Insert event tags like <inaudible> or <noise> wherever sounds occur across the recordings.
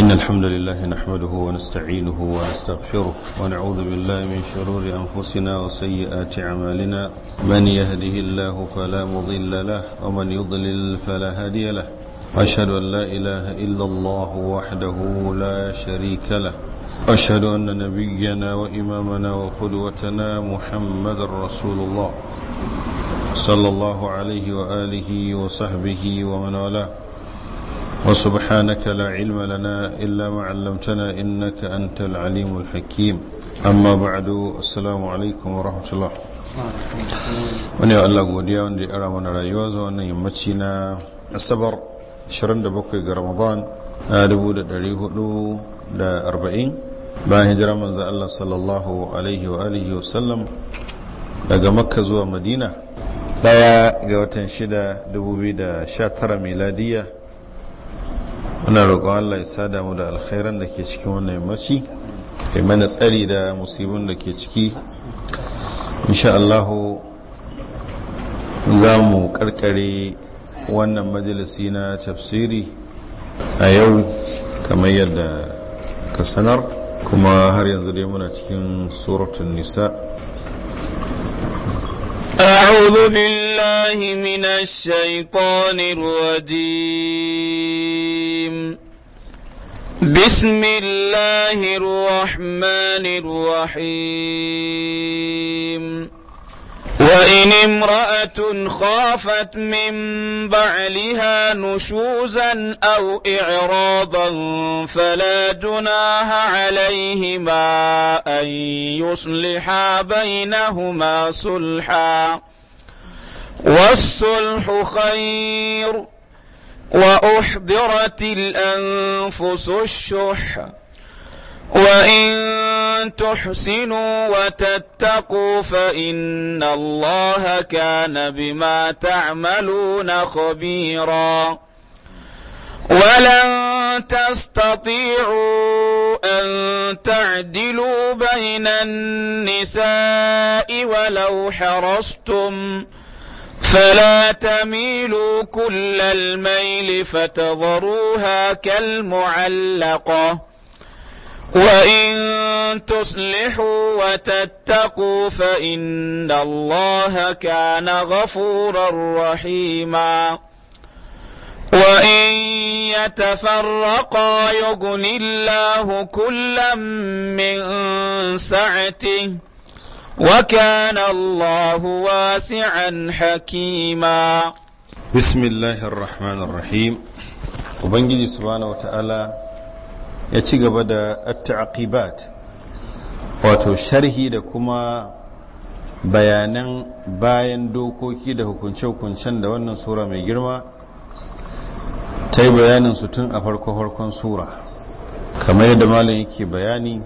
إن الحمد لله نحمده ونستعينه ونستغفره ونعوذ بالله من شرور أنفسنا وسيئات أعمالنا من يهده الله فلا مضل له ومن يضلل فلا هادي له أشهد أن لا إله إلا الله وحده لا شريك له أشهد أن نبينا وإمامنا وقدوتنا محمد رسول الله صلى الله عليه وآله وصحبه ومن والاه وسبحانك لا علم لنا إلا ما علمتنا إنك أنت العليم الحكيم أما بعد السلام عليكم ورحمة الله wani Allah godiya wanda ya ara mana rayuwa zuwa wannan yammaci na asabar 27 ga ramadan na arba'in. bayan hijira manzo Allah sallallahu alaihi wa alihi wa sallam daga makka zuwa madina Ɗaya ga watan 6 2019 miladiya muna roƙon Allah ya sada mu da alkhairan da ke cikin wannan yammaci ya mana tsari da musibin da ke ciki insha'allahu za mu karkare wannan majalisi na tafsiri a yau kamar yadda ka sanar kuma har yanzu dai muna cikin suratun nisa أعوذ بالله من الشيطان الرجيم بسم الله الرحمن الرحيم وإن امرأة خافت من بعلها نشوزا أو إعراضا فلا جناها عليهما أن يصلحا بينهما صلحا والصلح خير وأحضرت الأنفس الشح وإن تحسنوا وتتقوا فإن الله كان بما تعملون خبيرا ولن تستطيعوا أن تعدلوا بين النساء ولو حرصتم فلا تميلوا كل الميل فتظروها كالمعلقه وإن تصلحوا وتتقوا فإن الله كان غفورا رحيما وإن يتفرقا يغن الله كلا من سعته وكان الله واسعا حكيما بسم الله الرحمن الرحيم وبنجي سبحانه وتعالى ya ci gaba da at wato sharhi da kuma bayanan bayan dokoki da hukunce-hukuncen da wannan sura mai girma ta yi bayanin su tun a farko-farkon sura kamar yadda malam yake bayani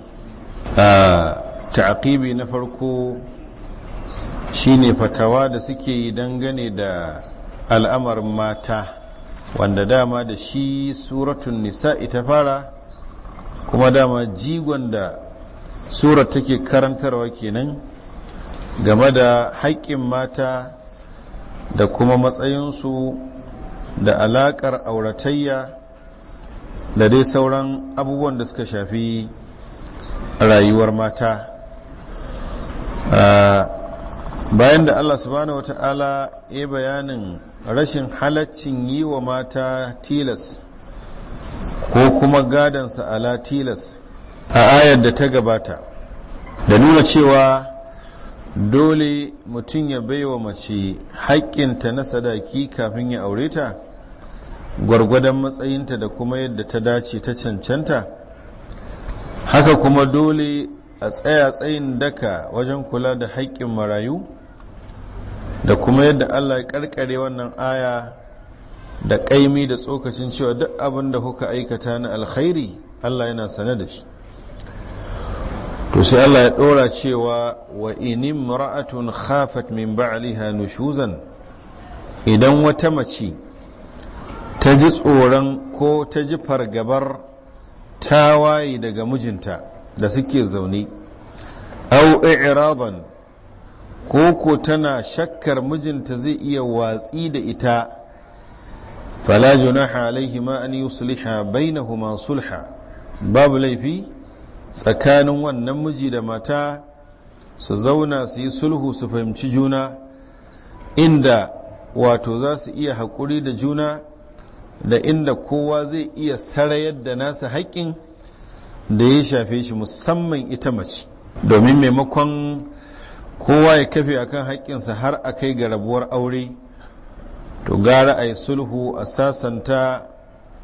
a ta'aqibi na farko shine fatawa da suke yi dangane da al'amarin mata wanda dama da shi suratun nisa ita fara kuma dama jigon da surar take karantarwa kenan game da haƙƙin mata da kuma matsayinsu da alaƙar auratayya da dai sauran abubuwan da suka shafi rayuwar mata bayan da allah subhanahu wata'ala ya bayanin rashin halaccin yi wa mata tilas ko kuma gadansa ala tilas a ayar da ta gabata da nuna cewa dole mutum ya baiwa mace haƙƙinta na sadaki kafin ya aure ta gwargwadon matsayinta da kuma yadda ta dace ta cancanta haka kuma dole a tsaya tsayin daka wajen kula da haƙƙin marayu da kuma yadda allah ya ƙarƙare wannan aya da ƙaimi da tsokacin cewa duk abin da kuka aikata na alkhairi Allah yana sane da shi to sai Allah ya ɗora cewa wa inim ra'atun khafat min ba'liha nushuzan idan wata mace ta ji tsoron ko ta ji fargabar tawaye daga mijinta da suke zaune au i'radan ko ko tana shakkar mijinta zai iya watsi da ita fala junaha alaihima an yusliha bainahuma sulha babu laifi tsakanin wannan miji da mata su zauna suyi sulhu su fahimci juna inda wato za su iya haƙuri da juna da inda kowa zai iya sarayar da nasa haƙƙin da ya shafe shi musamman ita mace domin maimakon kowa ya kafe akan haƙƙinsa har a kai ga rabuwar aure to gara a sulhu a sasanta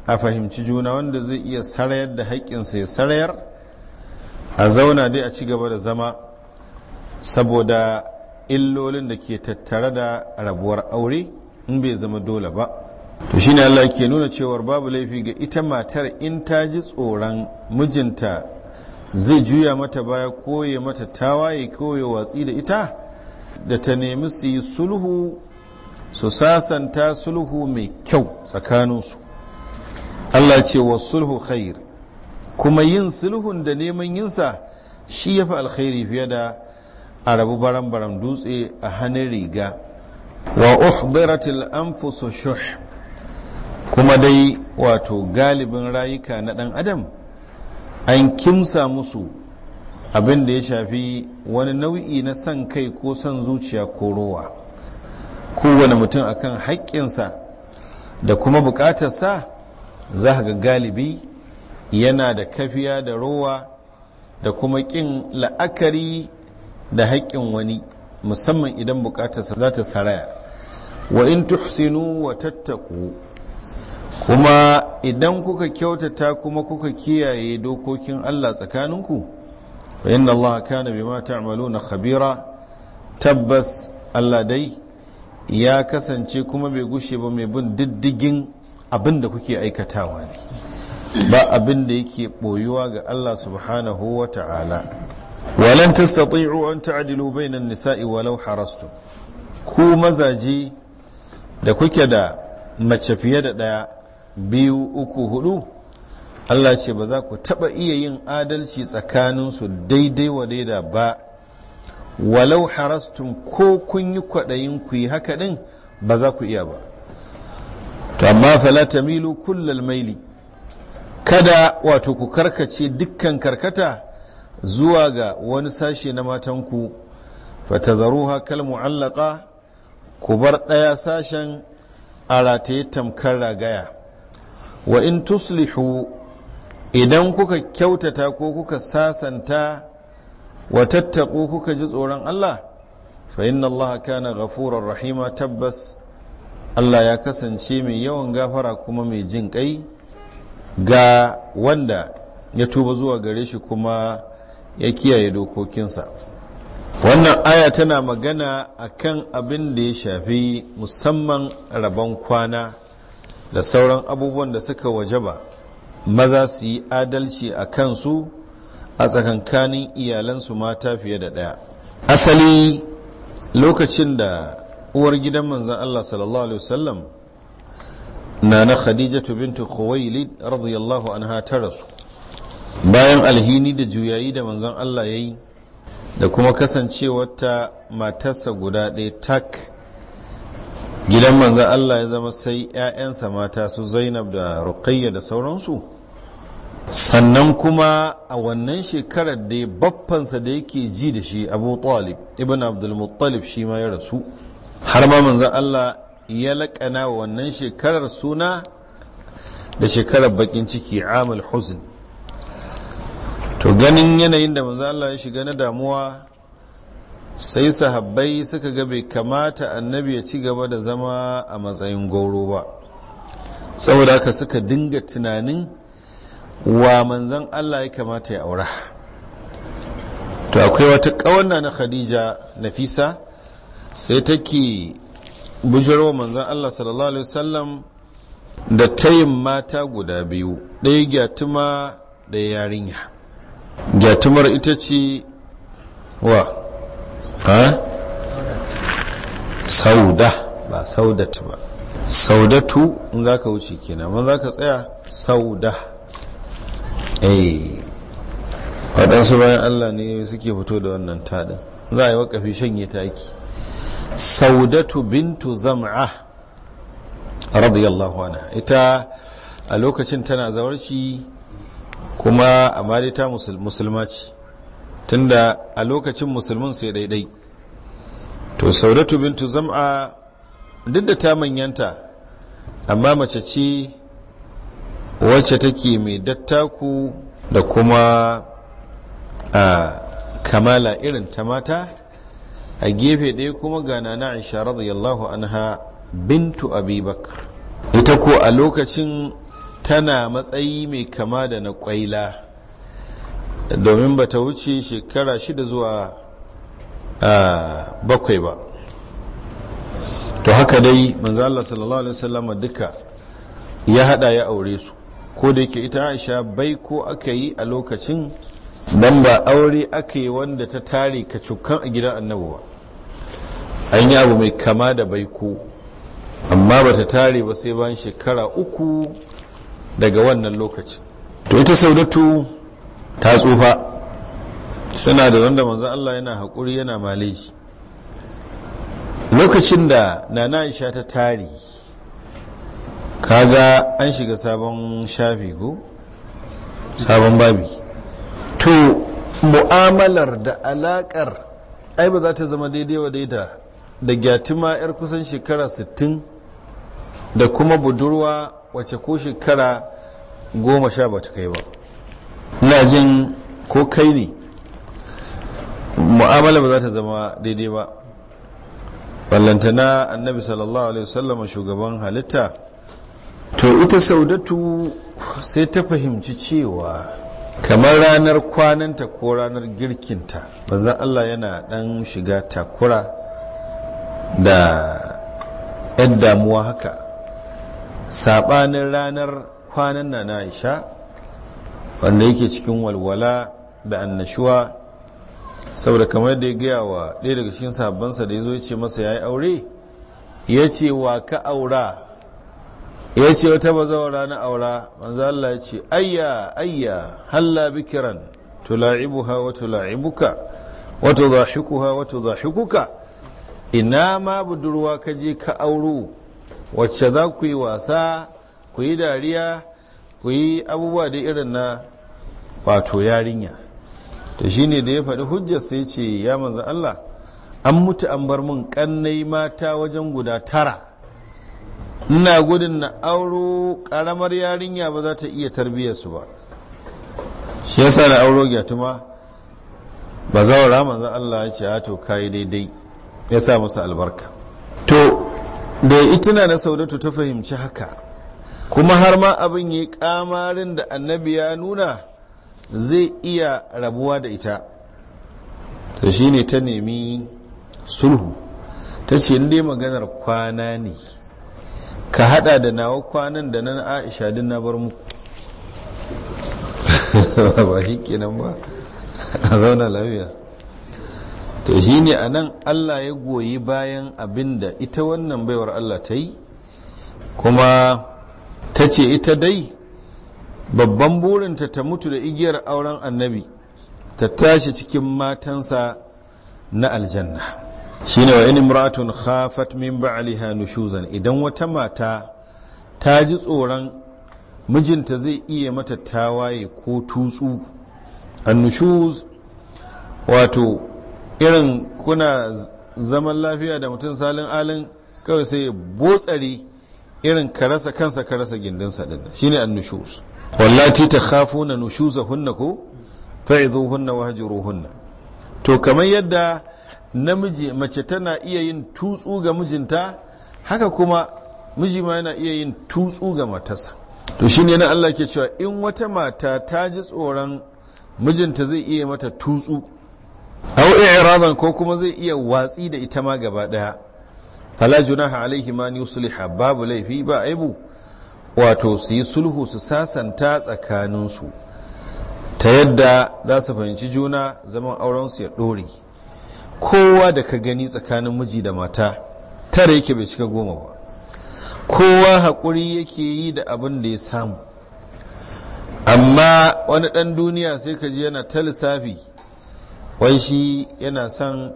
a fahimci juna wanda zai iya sarayar da haƙƙinsa ya sarayar a zauna dai a ci gaba da zama saboda illolin da ke tattare da rabuwar aure in bai zama dole ba to shi ne Allah ke nuna cewar babu laifi ga ita matar in ta ji tsoron mijinta zai juya mata baya koye mata tawaye koye watsi da ita da ta nemi su yi sulhu su sasanta sulhu mai kyau tsakaninsu Allah ce wa sulhu khair kuma yin sulhun da neman yinsa shi ya fi alkhairi fiye da a rabu baran-baran dutse a hannun riga wa uhdiratil anfusu shuh kuma dai wato galibin rayuka na ɗan adam an kimsa musu abin da ya shafi wani nau'i na son kai ko son zuciya ko rowa kowane mutum akan haƙƙinsa da kuma buƙatarsa za ga galibi yana da kafiya da rowa da kuma ƙin la'akari da haƙƙin wani musamman idan buƙatarsa za ta saraya wa in tuhsinu wa tattaku kuma idan kuka kyautata kuma kuka kiyaye dokokin Allah tsakaninku wa inna Allah kana bima ta'maluna khabira tabbas Allah dai ya kasance kuma bai gushe ba mai bin diddigin abin da kuke aikatawa ne ba abin da yake boyuwa ga Allah subhanahu wa ta'ala walan tastati'u an ta'dilu an nisa'i walau harastum ku mazaji da kuke da mace fiye da daya biyu uku hudu Allah ce ba za ku taba iya yin adalci tsakaninsu daidai wa daida ba walau harastun ko kun yi kwaɗayin ku yi haka ɗin ba za ku iya ba to amma fala milu kullal maili kada wato ku karkace dukkan karkata zuwa ga wani sashe na matanku fatazaruha kal mu'allaqa ku bar ɗaya sashen a rataye tamkar ragaya wa in tuslihu idan kuka kyautata ko kuka sasanta wa tattaku kuka ji tsoron Allah fa inna Allah kana ghafurar rahima tabbas Allah ya kasance mai yawan gafara kuma mai jin kai ga wanda ya tuba zuwa gare shi kuma ya kiyaye dokokinsa wannan aya tana magana akan abin da ya shafi musamman rabon kwana da sauran abubuwan da suka wajaba maza su yi adalci a kansu a tsakankanin iyalansu mata fiye da ɗaya asali lokacin da uwar gidan manzan Allah sallallahu alaihi wasallam na na khadijatu bintu khuwailid radiyallahu anha ta rasu bayan alhini da juyayi da manzan Allah ya yi da kuma kasancewarta matarsa guda ɗaya tak gidan manzan Allah ya zama sai 'ya'yansa mata su zainab da ruqayya da sauransu sannan kuma a wannan shekarar da baffansa da yake ji da shi abu talib ibn abdulmuttalib shi ma ya rasu har ma manzan allah ya laƙana wa wannan shekarar suna da shekarar bakin ciki amal huzn to ganin yanayin da manzan allah ya shiga na damuwa sai sahabbai suka ga bai kamata annabi ya ci gaba da zama a matsayin gauro ba saboda haka suka dinga tunanin wa manzan Allah ya kamata ya aura to akwai wata ƙawana na khadija nafisa sai take bujurwa manzan Allah sallallahu alaihi wasallam da tayin mata guda biyu ɗaya gyatuma da yarinya gyatumar ita ce wa ha sauda ba saudatu ba saudatu in za ka wuce kenan man za ka tsaya sauda Eh. waɗansu bayan allah ne suke fito da wannan taɗin za a yi wakafi shanye taki saudatu bintu zam'a radiyallahu anha ita a lokacin tana zawarci kuma a ta musulma ce tunda a lokacin musulmin sai daidai to saudatu bintu zam'a duk da ta manyanta amma mace ce wacce take mai dattaku da kuma a kamala irin ta mata a gefe ɗaya kuma gana na aisha radiyallahu anha bintu abibakar ita ko a lokacin tana matsayi mai kama da na kwaila domin ba ta wuce shekara shida zuwa bakwai ba to haka dai manzo Allah sallallahu alaihi wasallam duka ya hada ya aure su ko da ke ita aisha bai ko aka yi a lokacin don ba aure aka yi wanda ta tare ka cukan a gidan annabuwa an yi abu mai kama da baiko amma ba ta tare ba sai bayan shekara uku daga wannan lokaci to ita saudatu ta tsufa suna da wanda manzan Allah yana haƙuri yana maleji lokacin da nana aisha ta tare kaga an shiga sabon shafi ko sabon babi to mu'amalar da alakar ai ba za ta zama daidai wa daida da gyatima 'yar kusan shekara 60 da kuma budurwa wace ko shekara goma sha ba ta kai ba na jin ko kai ne mu'amala ba za ta zama daidai ba ballantana annabi sallallahu alaihi wasallam shugaban halitta to ita saudatu sai ta fahimci cewa kamar ranar kwananta ko ranar girkinta manzan allah yana dan shiga takura da 'yan damuwa haka sabanin ranar kwanan na na aisha wanda yake cikin walwala da annashuwa saboda kamar da ya gaya wa ɗaya daga cikin sabansa da ya zo ya ce masa ya yi aure ya ce wa ka aura ya ce wata bazawa na aura wanzu Allah ya ce ayya ayya halla bikiran wata wa tula'ibuka wa tudhahikuha wa tudhahikuka ina ma budurwa ka je ka auro wacce za ku yi wasa ku yi dariya ku yi abubuwa da irin na wato yarinya shi shine da ya faɗi hujjar sai ce ya manza Allah an mutu an bar mun kannai mata wajen guda tara ina gudun na auro karamar yarinya ba za ta iya tarbiyyarsu ba shi yasa na auro gyatuma ba zaura manzo Allah ya ce a to kayi daidai ya sa musu albarka to da ituna na saudatu ta fahimci haka kuma har ma abin yi kamarin da annabi ya nuna zai iya rabuwa da ita to ne ta nemi sulhu ta ce dai maganar kwana ne ka hada da nawa kwanan da nan aisha din na bar muku <laughs> ba shi kenan ba a zauna lafiya to shi ne a nan allah ya goyi bayan abin da ita wannan baiwar allah ta yi kuma ta ce ita dai babban burinta ta mutu da igiyar auren annabi ta tashi cikin matansa na aljanna shine wa in muratun khafat min ba'liha nushuzan idan wata mata ta ji tsoron mijinta zai iya mata tawaye ko tutsu annushuz wato irin kuna zaman lafiya da mutum salin alin kawai sai botsari irin ka rasa kansa ka rasa gindinsa din shine annushuz wallati nushuza hunna ko fa'izuhunna hunna to kamar yadda namiji mace tana iya yin tutsu ga mijinta haka kuma miji ma yana iya yin tutsu ga matarsa to shine na Allah ke cewa in wata mata ta ji tsoron mijinta zai iya mata tutsu au i'radan ko kuma zai iya watsi da ita ma gaba daya fala junaha alaihi ma yusliha babu laifi ba aibu wato su yi sulhu su sasanta tsakaninsu ta yadda za su fahimci juna zaman auren su ya ɗore kowa da ka gani tsakanin miji da mata tare yake bai cika goma ba kowa haƙuri yake yi da abin da ya samu amma wani ɗan duniya sai ka ji yana ta lissafi wai shi yana son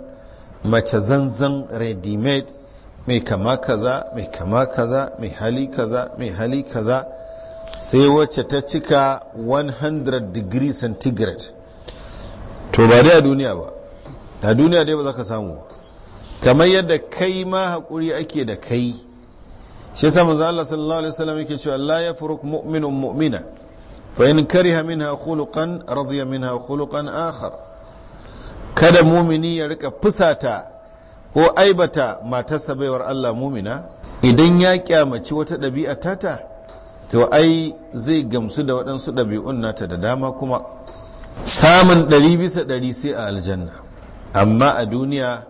mace zanzan redimed mai kama kaza mai kama kaza mai hali kaza mai hali kaza sai wacce ta cika 100 degree centigrade to ba dai a duniya ba a duniya dai ba za ka samu kamar yadda kai ma haƙuri ake da kai shi yasa manzo Allah sallallahu alaihi wasallam yake cewa allah ya yafruk mu'minun mu'mina fa in kariha minha khuluqan radiya minha khuluqan akhar kada mumini ya rika fusata ko aibata matarsa baiwar Allah mumina idan ya kyamaci wata ɗabi'a tata to ai zai gamsu da waɗansu ɗabi'un nata da dama kuma samun ɗari bisa ɗari sai a aljanna amma a duniya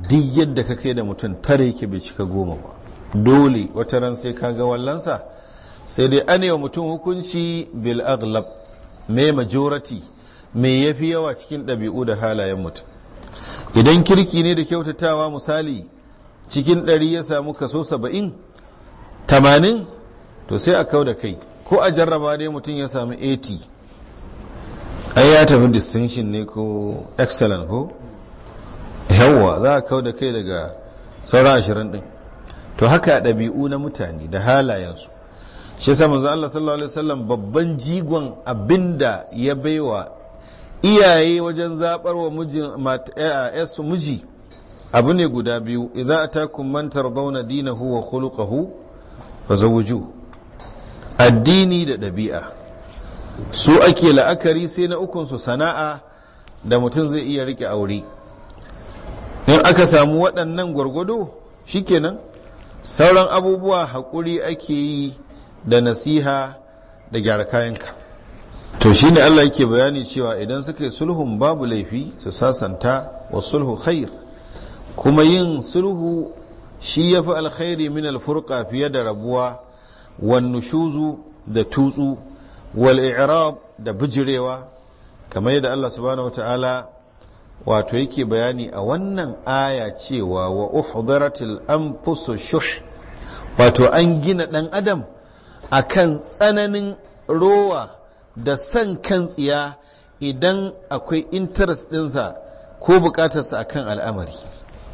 duk yadda ka kai da mutum tare yake bai cika goma ba dole wata ran sai ka ga wallansa sai dai an wa mutum hukunci bil aglab mai majority mai yafi yawa cikin ɗabi'u da halayen mutum idan kirki ne da kyautatawa misali cikin ɗari ya samu kaso saba'in tamanin to sai a kau da kai ko a jarraba dai mutum ya samu 80 ai ya tafi distinction ne ko excellent ko yawwa za a kau da kai daga sauran ashirin ɗin? to haka a ɗabi'u na mutane da halayensu shi sa manzo Allah sallallahu alaihi wasallam babban jigon abinda ya baiwa iyaye wajen zabar wa eh, ah, su miji abu ne guda biyu idan atakum man tardawna dinahu wa khuluquhu wuju. addini da ɗabi'a su ake la'akari sai na ukunsu sana'a da mutum zai iya rike aure in aka samu waɗannan gwargwado shikenan sauran abubuwa haƙuri ake yi da nasiha da gyara kayanka to shi ne Allah yake bayani cewa idan suka yi sulhun babu laifi su sasanta wa sulhu khair kuma yin sulhu shi ya fi alkhairi min alfurka fiye da rabuwa wan nushuzu da tutsu wal i'rab da bijirewa kamar yadda Allah subhanahu ta'ala. wato yake bayani a wannan aya cewa wa uhdaratil anfusu shuh wato an gina dan adam akan tsananin rowa da san kan tsiya idan akwai interest dinsa ko bukatarsa akan al'amari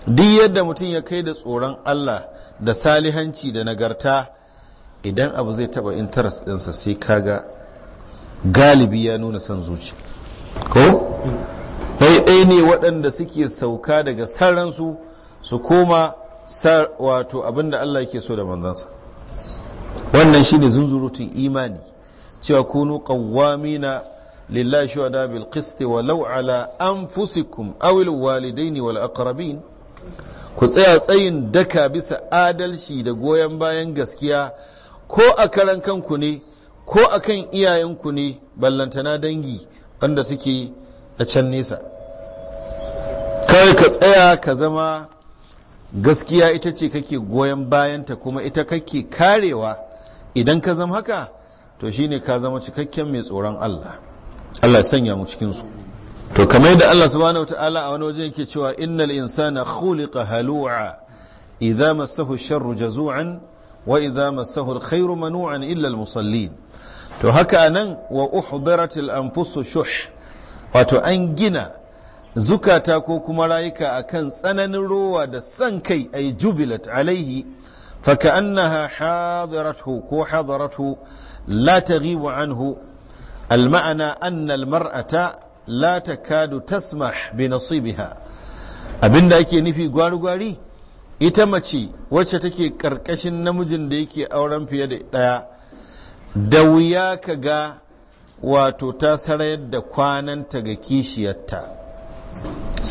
duk yadda mutum ya kai da tsoron Allah da salihanci da nagarta idan abu zai taba interest dinsa sai kaga galibi ya nuna son zuci ko kaɗai ne waɗanda suke sauka daga saransu su koma wato abinda Allah yake so da manzansa wannan shine zunzurutun imani cewa kunu qawwamina lillahi shuhada bil wa walau ala anfusikum aw al walidaini wal aqrabin ku tsaya tsayin daka bisa adalci da goyon bayan gaskiya ko a karan kanku ne ko akan iyayenku ne ballantana dangi wanda suke a can nesa kawai ka tsaya ka zama gaskiya ita ce kake goyon bayanta kuma ita kake karewa idan ka zama haka to shine ka zama cikakken mai tsoron Allah Allah sanya mu cikin su to kamar da Allah subhanahu wataala a wani waje yake cewa innal insana khuliqa halu'a idza massahu sharru jazu'an wa idza massahu alkhairu manu'an illa almusallin to haka nan wa uhdiratil anfusu shuh wato an gina zukata ko kuma rayuka akan tsananin rowa da san kai yi jubilat alaihi fa annaha hadaratu ko hadaratu la ta taghibu anhu المعنى أن المرأة لا تكاد تسمح biha. abinda ake nufi gwari-gwari ita mace wacce take karkashin namijin da yake auren fiye da ɗaya da wuya ka ga wato ta sarayar da kwananta ga kishiyarta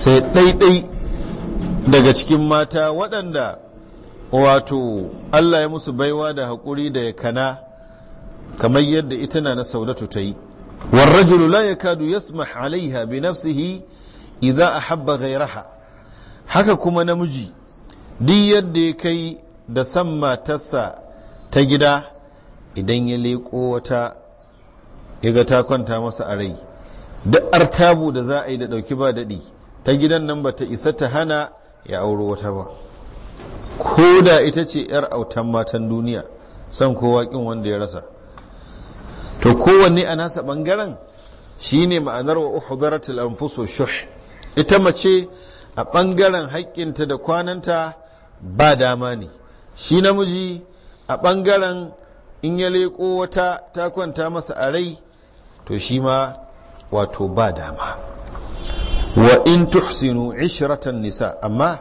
sai ɗaiɗai daga cikin mata waɗanda wato Allah ya musu baiwa da haƙuri da ya kana kamar yadda ita na na saudatu ta yi والرجل kadu يكاد يسمح iza a إذا أحب غيرها haka kuma namiji duk yadda ya kai da san matarsa ta gida idan ya leƙo wata ya ga ta kwanta masa a rai duk artabu da za a yi da ɗauki ba daɗi ta gidan nan ba ta isa ta hana ya auro wata ba ko da ita ce 'yar autan matan duniya son kowa ƙin wanda ya rasa to kowanne a nasa ɓangaren shine ma'anar wa uhudaratul anfusu shuh ita mace a ɓangaren haƙƙinta da kwananta ba dama ne shi namiji a ɓangaren in ya leƙo wata ta kwanta masa a rai to shi ma wato ba dama wa in tuhsinu ishratan nisa amma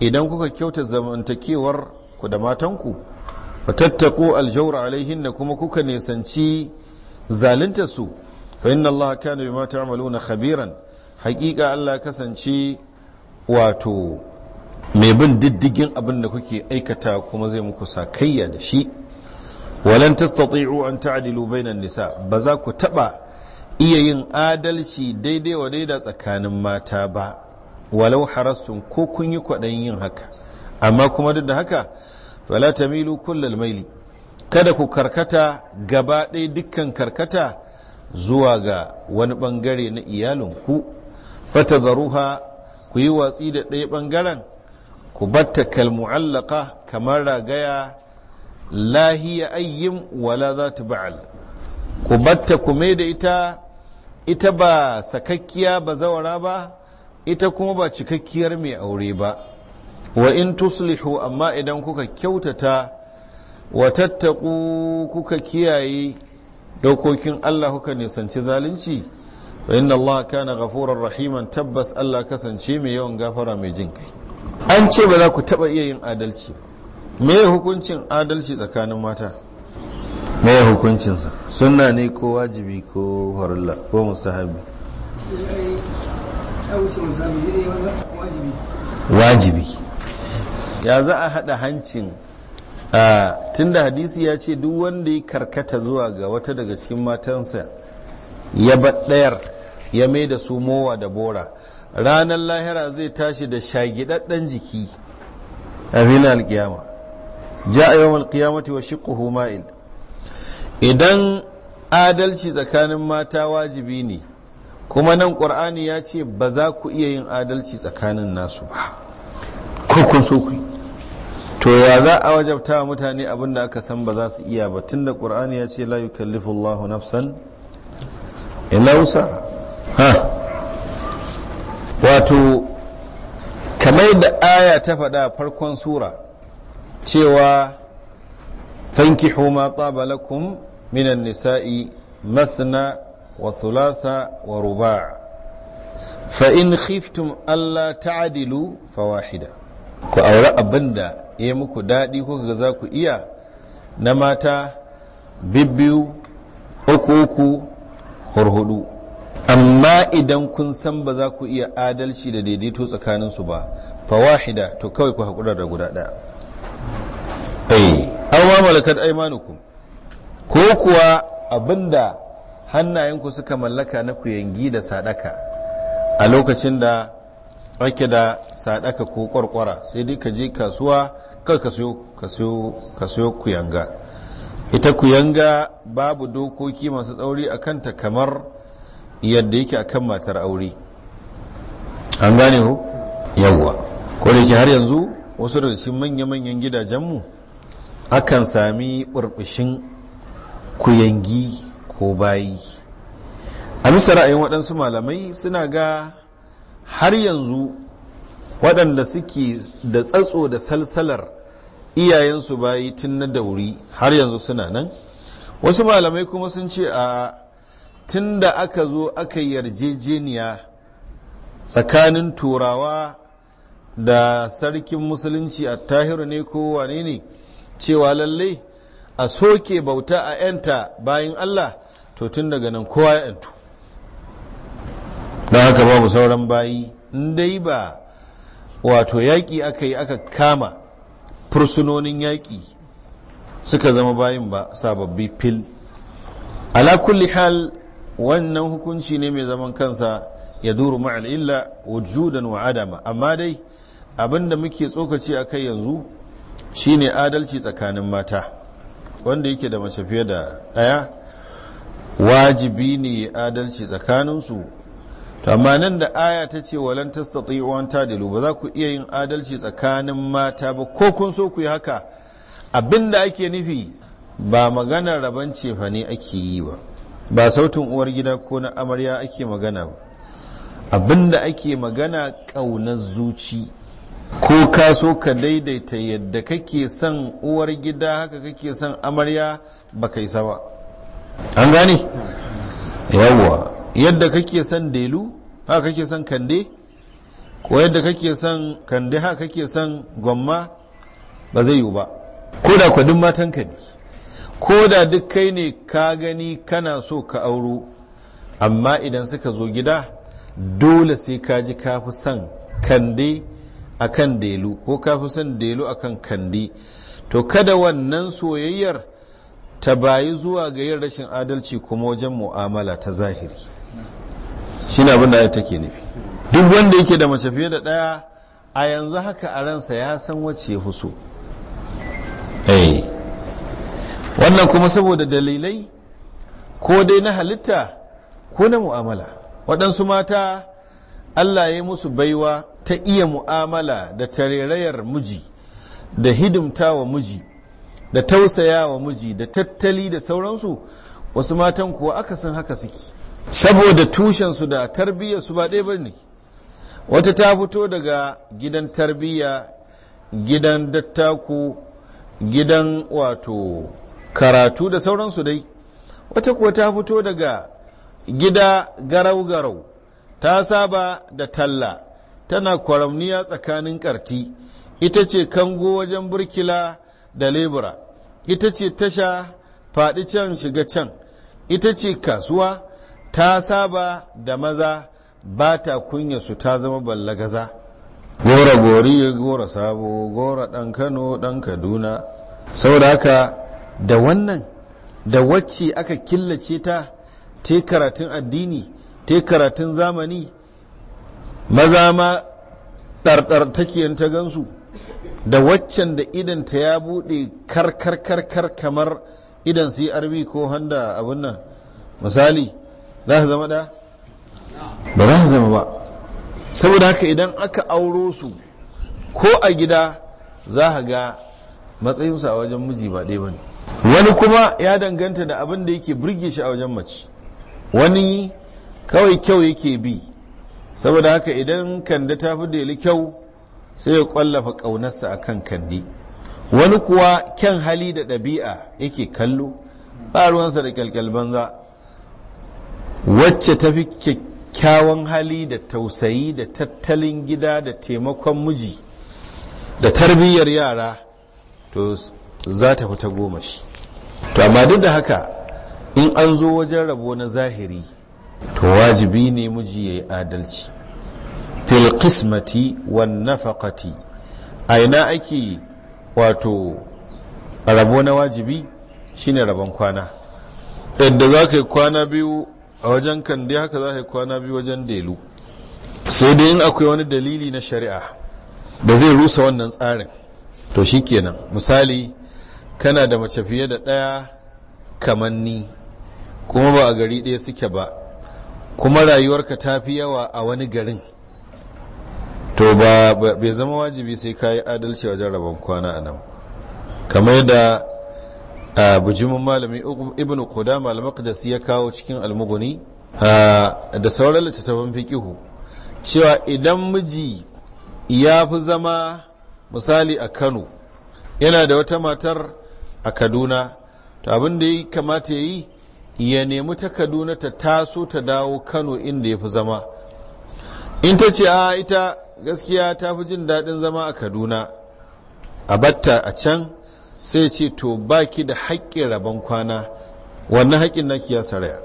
idan kuka kyauta zamantakewar ku da matanku wa tattaku aljawra na kuma kuka nisanci zalinta su fa inna allaha kana bima ta'maluna khabiran haƙiƙa Allah kasance wato mai bin diddigin abin da kuke aikata kuma zai muku sakayya da shi walan tastati'u an ta'dilu bainan nisa ba za ku taba iya yin adalci daidai wa daida tsakanin mata ba walau harastun ko kun yi kwaɗayin yin haka amma kuma duk da haka fala tamilu kullal maili kada ku karkata gaba ɗaya dukkan karkata zuwa ga wani ɓangare na iyalinku fata zaruha ku yi watsi da ɗaya ɓangaren ku batta kalmu'allaka kamar ragaya lahiya ayyim wala za ta ba'al ku batta ku da ita ita ba sakakkiya ba zawara ba ita kuma ba cikakkiyar mai aure ba wa in tuslihu amma idan kuka kyautata wa tattaku kuka kiyaye dokokin Allah kuka nisanci zalunci wa inna Allah kana ghafurar rahiman tabbas Allah kasance mai yawan gafara mai jin kai an ce ba za ku taba iya yin adalci me hukuncin adalci tsakanin mata mai hukuncinsa suna ne ko wajibi ko farilla ko musahabi wajibi ya za a hada hancin tun da hadisi ya ce duk wanda ya karkata zuwa ga wata daga cikin matansa ya baɗayar ya mai da su mowa da bora ranar lahira zai tashi da shagidaddan jiki a rinar alkiyama a yawan alkiyamati wa shiqquhu ma'il idan adalci tsakanin mata wajibi ne kuma nan ƙur'ani ya ce ba za ku iya yin adalci tsakanin nasu ba ko kun so ku to ya za a wajabta wa mutane abinda aka san ba za su iya ba tunda ƙur'ani ya ce layu yukallifu nafsan Ina wusa ha wato kamar da aya ta faɗa farkon sura cewa fankihu ma qabalakum من النساء مثنى وثلاثة ورباع فإن خفتم ألا تعدلوا فواحدة كأولا أبندا يمكو دادي ku iya, na mata bibbiyu uku uku hurhudu amma idan kun san ba za ku iya adalci da daidaito tsakaninsu ba fawahida to kawai ku haƙura da guda ɗaya ai eh, an ma malakat aimanukum ko kuwa abinda hannayenku suka mallaka na kuyangi da sadaka a lokacin da ake da sadaka ko kwarkwara sai dai ka je kasuwa kai ka sayo kuyanga ita kuyanga babu dokoki masu tsauri a kanta kamar yadda yake a kan matar aure an gane ho yawwa ko da ke har yanzu wasu da cikin manya-manyan gidajenmu akan sami burbushin kuyangi ko bayi a bisa ra'ayin waɗansu malamai suna ga har yanzu waɗanda suke da tsatso da salsalar iyayensu bayi tun na dauri har yanzu suna nan wasu malamai kuma sun ce a tun da aka zo aka yarjejeniya tsakanin turawa da sarkin musulunci a tahiru ne ko wane ne cewa lallai a soke bauta a yanta bayan Allah to tun daga nan kowa ya yantu don haka babu sauran bayi dai ba wato yaƙi aka yi aka kama fursunonin yaƙi suka zama bayin ba sababbi fil ala kulli hal wannan hukunci ne mai zaman kansa ya duru ma'al illa wujudan wa adama amma dai abinda muke tsokaci a kai yanzu shine adalci tsakanin mata wanda yake da mace fiye da ɗaya wajibi ne adalci tsakaninsu amma nan da aya ta ce walan tastati'u ta tadilu ba za ku iya yin adalci tsakanin mata ba ko kun so ku yi haka abinda ake nufi ba maganar rabon cefa ne ake yi ba ba sautin uwar gida ko na amarya ake magana ba abinda ake magana ƙaunar zuci ko ka so ka daidaita yadda kake son uwar gida haka kake son amarya ba kai ba an gane yawwa yadda kake son delu haka kake son kande ko yadda kake son kande haka kake son gwamma ba zai yiwu ba ko da kwadin matan ka ne ko da duk kai ne ka gani kana so ka auro amma idan suka zo gida dole sai ka ji ka fi son kande akan delu ko ka fi son delu akan kandi to kada wannan soyayyar ta bayi zuwa ga yin rashin adalci kuma wajen mu'amala ta zahiri shi abin da take nufi duk wanda yake da mace fiye da ɗaya a yanzu haka a ransa ya san wace ya fi so eh. wannan kuma saboda dalilai ko dai na halitta ko na mu'amala waɗansu mata allah ya yi musu baiwa ta iya mu'amala da tarerayar miji da hidimta wa miji da tausaya wa miji da tattali da sauransu wasu matan kuwa aka san haka suke saboda tushensu da tarbiyyarsu ba ɗaya ba ne wata ta fito daga gidan tarbiyya gidan dattaku gidan wato karatu da sauransu dai wata kuwa ta fito daga gida garau-garau ta saba da talla tana kwaramniya tsakanin karti ita ce kango wajen burkila da lebura ita ce tasha faɗi can shiga can ita ce kasuwa ta saba da maza ba ta kunya su ta zama ballagaza gora gori gora sabo gora ɗan kano ɗan kaduna saboda haka da wannan da wacce aka killace ta te karatun addini te karatun zamani maza ma ɗarɗar take ta gansu da waccan da ta ya buɗe karkar kamar idan crb ko handa abin nan misali za ka zama ɗa ba za ka zama ba saboda haka idan aka auro su ko a gida za ka ga matsayinsu a wajen miji ba ɗaya ba ne wani kuma ya danganta da abin da yake burge shi a wajen mace wani kawai kyau yake bi saboda haka idan kande ta fi deli kyau sai ya kwallafa ƙaunarsa a kan Kande. wani kuwa kyan hali da ɗabi'a yake kallo ba ruwansa da kyalkyal banza wacce ta fi kyakkyawan hali da tausayi da tattalin gida da taimakon miji da tarbiyyar yara to za ta fi ta goma shi to amma duk da haka in an zo wajen rabo na zahiri to wajibi ne miji yi adalci tilkismati qismati ina a ina ake wato rabo na wajibi shine rabon kwana yadda za ka yi kwana biyu a wajen kan dai haka za ka yi kwana biyu wajen delu sai dai in akwai wani dalili na shari'a da zai rusa wannan tsarin to shi kenan misali kana da mace fiye da ɗaya kamanni kuma ba a gari ɗaya suke ba kuma rayuwarka ta fi yawa a wani garin to ba bai zama wajibi sai ka yi adalci wajen rabon kwana a nan kamar da a bujimin malami ibn qudama al ya kawo cikin almuguni da sauran littattafan fiƙihu cewa idan miji ya fi zama misali a Kano yana da wata matar a Kaduna to abin da ya kamata ya yi ya nemi ta kaduna ta taso ta dawo kano inda ya fi zama in ta ce a ita gaskiya ta fi jin daɗin zama a kaduna a batta a can sai ce to baki da haƙƙin rabon kwana wannan haƙƙin na ya saraya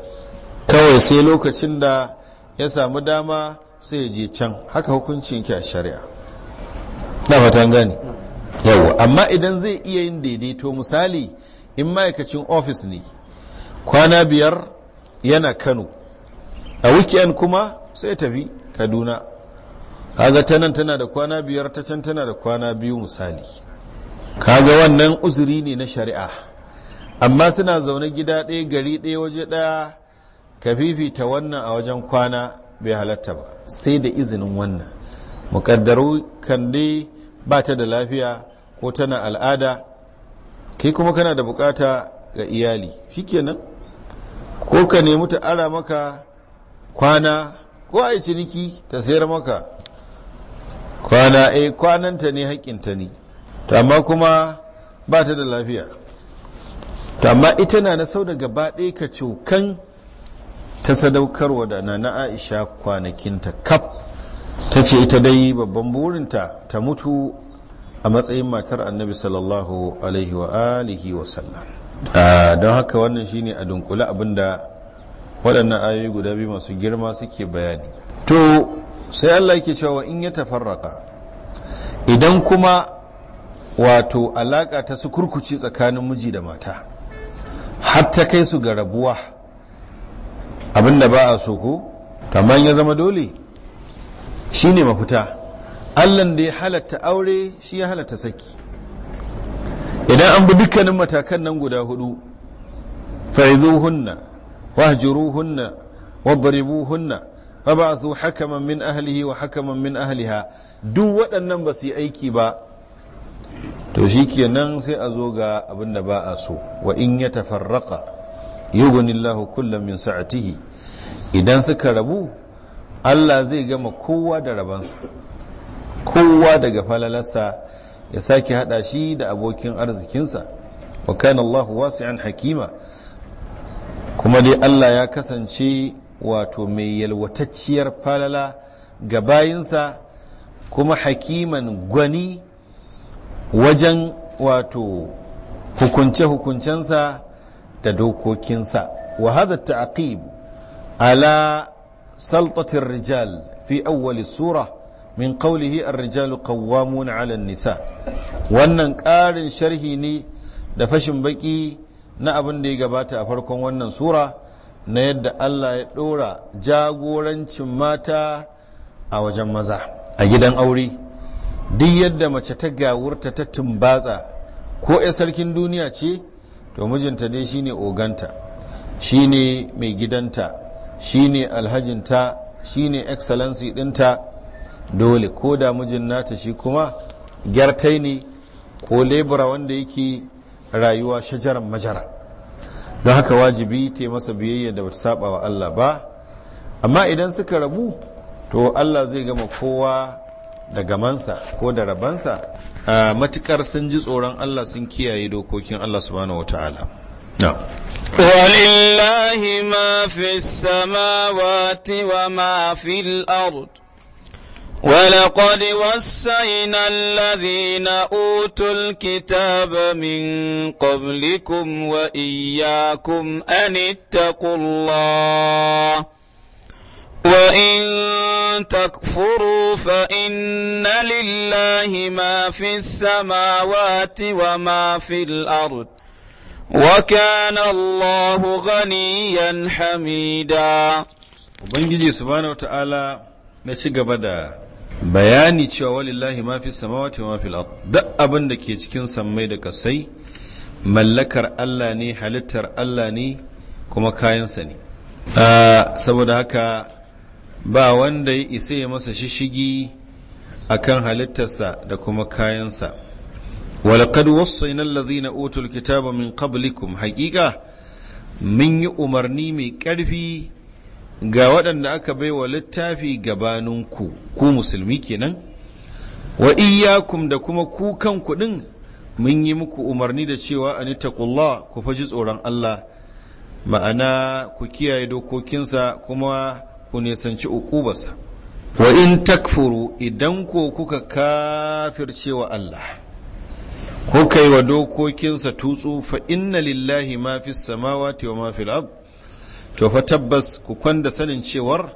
kawai sai lokacin da ya samu dama sai ya je can haka hukuncin ke a shari'a na fatan gane yawa amma idan zai iya yin daidaito misali in ma'aikacin ofis ne kwana biyar yana kano a weekend kuma sai tafi kaduna kaga ta nan tana da kwana biyar ta can tana da kwana biyu misali kaga wannan uzuri ne na shari'a amma suna zaune gida ɗaya gari ɗaya waje ɗaya ka fifita wannan a wajen kwana bai halatta ba sai da izinin wannan mukaddaru kan dai ba ta da lafiya ko tana al'ada kai kuma kana da bukata ga iyali shikenan ko ka nemi ta ara maka kwana ko a yi ciniki ta sayar maka kwana a eh, kwananta ne haƙƙinta ne amma kuma ba ta da lafiya amma ita na na sau da gaba ɗaya ka cokan ta sadaukarwa da na na aisha kwanakinta kaf ta ce ita dai babban burinta ta mutu a matsayin matar annabi sallallahu alaihi wa alihi wa Ah, don haka wannan shine a dunkule abinda waɗannan ayoyi guda biyu masu girma suke bayani to sai Allah yake cewa in ya tafarraka idan kuma wato alaƙa ta su kurkuci tsakanin miji da mata har ta kai su ga rabuwa abinda ba a so ko kamar ya zama dole shine mafita allan da ya halatta aure shi ya halatta saki idan an bi dukkanin matakan nan guda hudu fa'izuhunna wahjuruhunna wadribuhunna wa ba'thu hakaman min ahlihi wa hakaman min ahliha duk waɗannan ba su yi aiki ba to shi shikenan sai a zo ga abin da ba a so wa in ya tafarraqa yughnillahu kullam min sa'atihi idan suka rabu Allah zai gama kowa da rabansa kowa daga falalarsa ya sake hada shi da abokin arzikinsa wa kana Allahu wasi'an hakima kuma dai Allah ya kasance wato mai yalwatacciyar falala ga bayinsa kuma hakiman gwani wajen wato hukunce-hukuncensa da dokokinsa wa hada ta'aqib ala saltatin rijal fi awwali sura min qawlihi ar-rijalu qawwamuna 'ala an-nisa wannan ƙarin sharhi ne da fashin baki na abin da ya gabata a farkon wannan sura na yadda Allah ya ɗora jagorancin mata a wajen maza a gidan aure duk yadda mace ta gawurta ta tumbatsa ko ya sarkin duniya ce to mijinta dai shine oganta shine mai gidanta shine alhajinta shine excellency dinta. dole ko da mijin nata shi kuma gyartai ne ko lebura wanda yake rayuwa shajarar majara don haka wajibi ta yi masa biyayya da bata saba wa Allah ba amma idan suka rabu to Allah zai gama kowa da gamansa ko da rabansa a matukar sun ji tsoron Allah sun kiyaye dokokin Allah subhanahu wataala na'am ولله ما في السماوات وما في الأرض ولقد وسينا الذين أوتوا الكتاب من قبلكم وإياكم أن اتقوا الله وإن تكفروا فإن لله ما في السماوات وما في الأرض وكان الله غنيا حميدا وبنجي سبحانه وتعالى نتشي bayani cewa walillahi ma fi samawati wa fil ard duk abin da ke cikin sammai da kasai mallakar Allah ne halittar Allah ne kuma kayansa ne ah, saboda haka ba wanda ya isa ya masa shishigi akan halittarsa da kuma kayansa walaqad wassayna allazina utul kitaba min qablikum haqiqa mun yi umarni mai ƙarfi ga waɗanda aka baiwa littafi gabaninku ku musulmi kenan wa iyakum da kuma ku kanku din mun yi muku umarni da cewa an taqullah ku faji tsoron Allah ma'ana ku kiyaye dokokinsa kuma ku nisanci uqubarsa wa in takfuru idan ko kuka kafircewa Allah kuka yi wa dokokinsa tutsu fa inna lillahi ma fis samawati wa ma fil ard to fa tabbas ku kwanda sanin cewar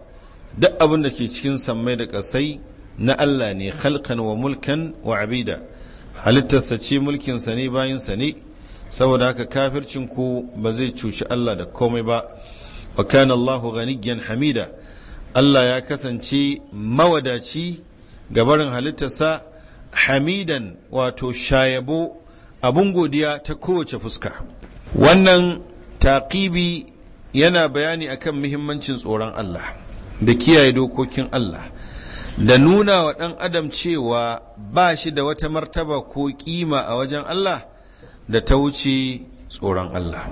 duk abin da ke cikin sammai da ƙasai na Allah ne halkan wa mulkan wa abida halittarsa ce mulkinsa ne sa ne saboda haka kafircin ku ba zai cuci Allah da komai ba wa kana Allahu hamida Allah ya kasance mawadaci ga barin halittarsa hamidan wato shayabo abun godiya ta kowace fuska wannan taqibi yana bayani akan muhimmancin tsoron Allah da kiyaye dokokin Allah da nuna wa ɗan adam cewa ba shi da wata martaba ko ƙima a wajen Allah da ta wuce tsoron Allah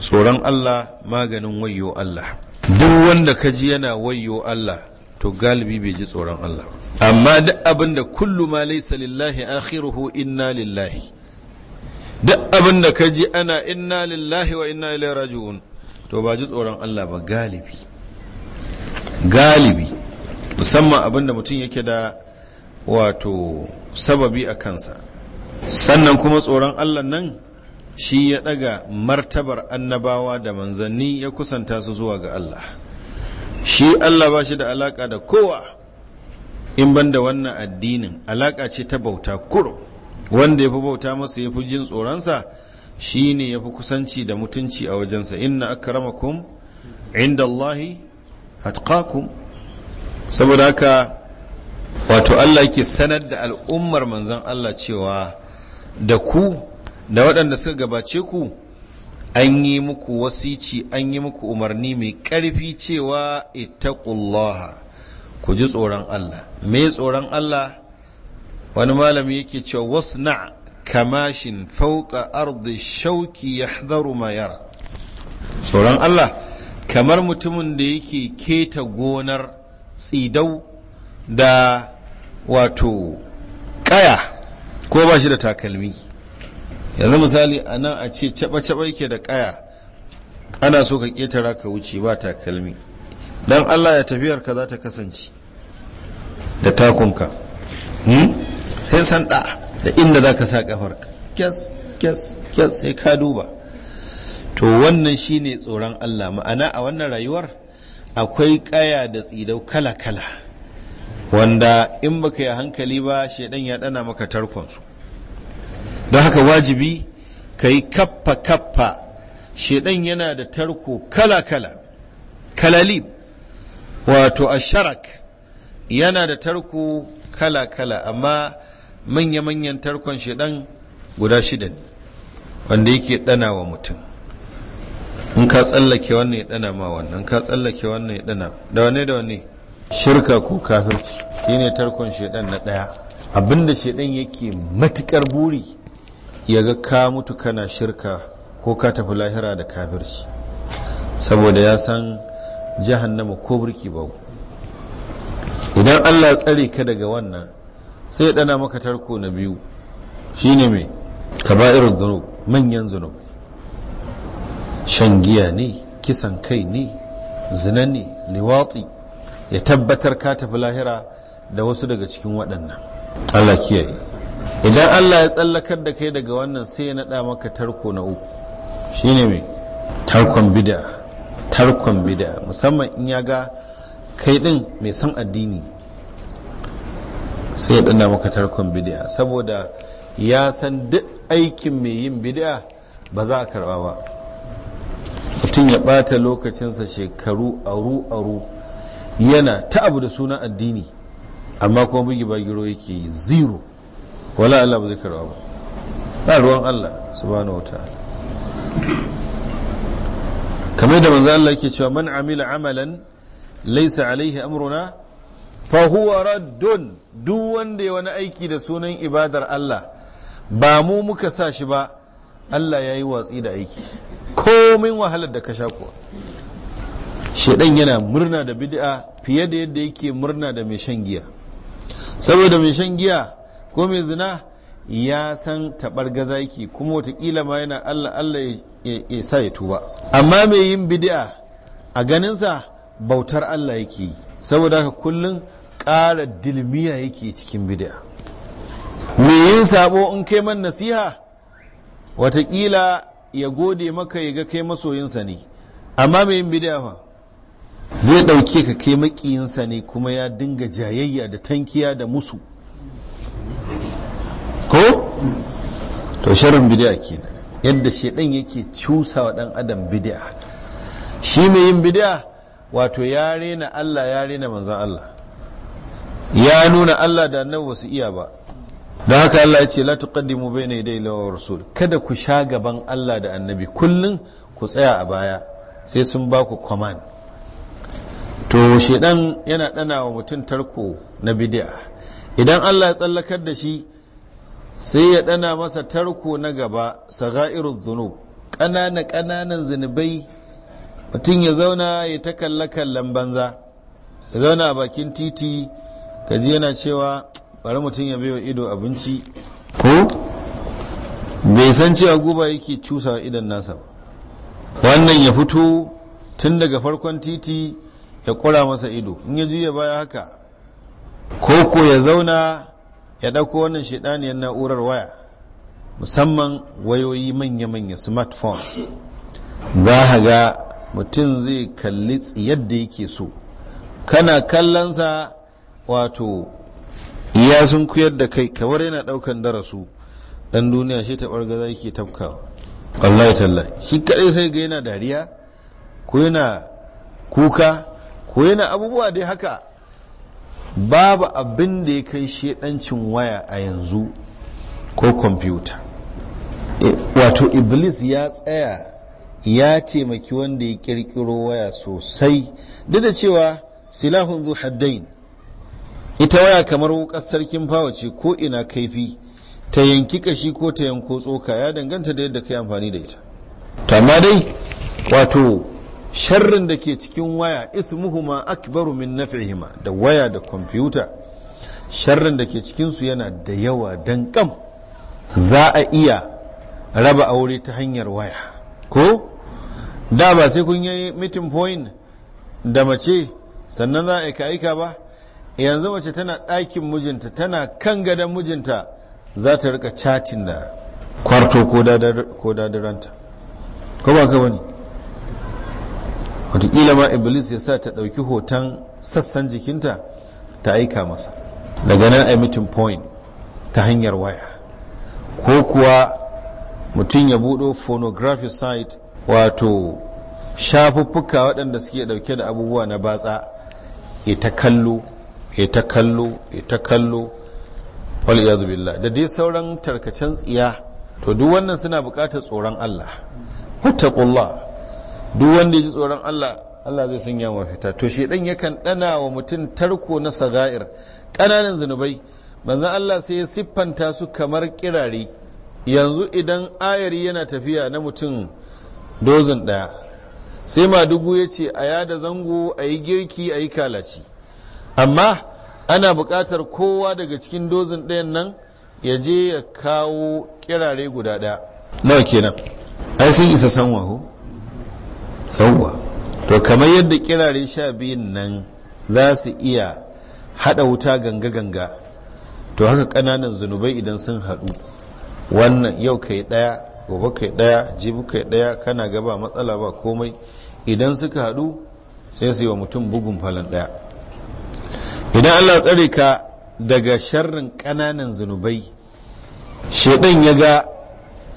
tsoron Allah maganin wayo Allah duk wanda ka ji yana wayo Allah to galibi bai ji tsoron Allah amma duk abin da kullu ma laisa lillahi akhiruhu inna lillahi duk abin da ka ji ana inna lillahi wa inna ilaihi raji'un to ba ji tsoron Allah ba galibi galibi musamman abinda mutum yake da wato sababi a kansa sannan kuma tsoron Allah nan shi ya daga martabar annabawa da manzanni ya kusanta su zuwa ga Allah shi Allah ba shi da alaka da kowa in banda wannan addinin alaka ce ta bauta kuro wanda ya fi bauta masa ya fi jin tsoronsa shi ne ya fi kusanci da mutunci a wajensa inna akramakum inda Allahi atqakum saboda haka wato Allah yake sanar da al'ummar manzan Allah cewa da ku da waɗanda suka gabace ku an yi muku wasici an yi muku umarni mai ƙarfi cewa ittaqullaha ku ji tsoron Allah me tsoron Allah wani malami yake cewa na'a. kamashin fauka ardi shauki ya ma yara tsoron Allah kamar mutumin da yake keta gonar tsidau da wato kaya ko ba shi da takalmi yanzu misali a nan a ce caba-caba yake da kaya ana so ka ƙetara ka wuce ba takalmi don Allah ya tafiyar ka za ta kasance da takunka hmm? sai sanda da inda za ka sa kafar kyas kyas kyas sai ka duba to wannan shine tsoron Allah ma'ana a wannan rayuwar akwai kaya da tsidau kala-kala wanda in baka yi hankali ba shaidan ya dana maka tarkonsu don haka wajibi ka yi kaffa-kaffa shaidan yana da tarko kala-kala kalalib wato a sharak yana da tarko kala-kala amma manya-manyan tarkon shidan guda shida ne wanda yake dana wa mutum in ka tsallake wannan ya dana ma wannan ka tsallake wannan ya dana da wane da wane shirka ko kafirci shine tarkon shidan na daya abinda shidan yake matukar buri ya ga ka mutu kana shirka ko ka tafi lahira da kafirci saboda ya san jahannama ko burki ba idan allah tsare ka daga wannan sai ɗana maka tarko na biyu shine mai Ka kaba'irul zuru manyan zunubai shan giya ne kisan kai ne zina ne liwatsi ya tabbatar ka tafi lahira da wasu daga cikin waɗannan Allah kiyaye idan Allah ya tsallakar da kai daga wannan sai ya naɗa maka tarko na uku shine mai tarkon bid'a musamman in ya ga kai ɗin mai san addini sai ya dana maka tarkon bidi'a saboda ya san duk aikin mai yin bidi'a ba za a karba ba mutum ya ɓata lokacinsa shekaru aru aru yana ta abu da sunan addini amma kuma bugi ba giro yake yi zero wala Allah ba zai karba ba ba ruwan Allah subhanahu wataala kamar da manzo Allah yake cewa man amila amalan laisa alaihi amruna fa huwa raddun duk wanda ya wani aiki da sunan ibadar Allah ba mu muka sa shi ba Allah ya yi watsi da aiki komin wahalar da ka sha kuwa shedan yana murna da bid'a fiye da yadda yake murna da mai shan giya saboda mai shan giya ko mai zina ya san tabar gazaki kuma watakila ma yana Allah Allah ya sa ya tuba amma mai yin bid'a a ganinsa bautar Allah yake yi saboda haka kullum ƙara dilmiya yake cikin bidiya me yin sabo in kai man nasiha watakila ya gode maka ya ga kai masoyinsa ne amma mai yin bidiya fa zai ɗauke ka kai makiyinsa ne kuma ya dinga jayayya da tankiya da musu ko to sharrin bidiya kenan yadda shedan yake cusa wa dan adam bidiya shi mai yin bidiya wato ya rena Allah ya rena manzan Allah ya nuna Allah da annabi wasu iya ba da haka Allah ya ce la tuqaddimu bayna yaday lawa rasul kada ku sha gaban Allah da annabi kullum ku tsaya a baya sai sun ba ku command to shedan yana dana wa mutum tarko na bid'a idan Allah ya tsallakar da shi sai ya dana masa tarko na gaba sagairu dhunub kanana ƙananan zunubai mutum ya zauna ya ta kalle kallon banza ya zauna a bakin titi kaji yana cewa bari mutum ya baiwa ido abinci ko bai san cewa guba yake cusa idan nasa ba wannan ya fito tun daga farkon titi ya kura masa ido in ya juya baya haka koko ya zauna ya ɗauko wannan shaɗaniyar na'urar waya musamman wayoyi manya-manya smartphones za ga mutum zai kalli yadda yake so kana kallonsa wato ya sun kuyar da kai kamar yana daukan darasu dan duniya shi ta za ke tafka. wallahi tallahi shi kadai sai ga yana dariya ko yana kuka ko yana abubuwa dai haka babu abin da ya kai shedancin waya a yanzu ko kwamfuta eh, wato iblis ya tsaya ya taimaki wanda ya kirkiro waya sosai duk da cewa silahun zu haddain ita waya kamar wukar sarkin fawa ce ko ina kaifi ta yanki kashi ko ta yanko tsoka ya danganta da yadda kai amfani da ita Tama amma dai wato sharrin da ke cikin waya ismuhuma akbaru min naf'ihima da waya da kwamfuta sharrin da ke cikinsu yana da yawa dan kam za a iya raba aure ta hanyar waya ko da ba sai kun yi meeting point da mace sannan za a aika aika ba yanzu mace tana ɗakin mijinta tana kan gadon mijinta za ta rika chatin da kwarto ko dadaranta ko ba ka bane watakila ma iblis ya sa ta ɗauki hoton sassan jikinta ta aika masa daga nan a meeting point ta hanyar waya ko kuwa mutum ya buɗo phonographic site wato shafuffuka waɗanda suke ɗauke da abubuwa na batsa ita kallo ita kallo ita kallo da dai sauran tarkacen tsiya to duk wannan suna buƙatar tsoron Allah wattaqullah duk wanda ji tsoron Allah Allah zai sanya mafita to shi dan yakan ɗana wa mutum tarko na sagair ƙananan zunubai manzon Allah sai ya siffanta su kamar kirare yanzu idan ayar yana tafiya na mutum dozin ɗaya sai madugu ya ce a ya da zango a yi girki a yi kalaci amma ana buƙatar kowa daga cikin dozin ɗayan nan ya je ya kawo kirare guda ɗaya nawa kenan ai sun isa sanwa yawwa to kamar yadda kirare sha biyun nan za su iya haɗa wuta ganga-ganga to haka ƙananan zunubai idan sun haɗu wannan yau kai daya gobe kai daya jibi kai daya kana gaba matsala ba komai idan suka hadu sai su yi wa mutum bugun falon daya idan Allah tsare ka daga sharrin kananan zunubai shedan ya ga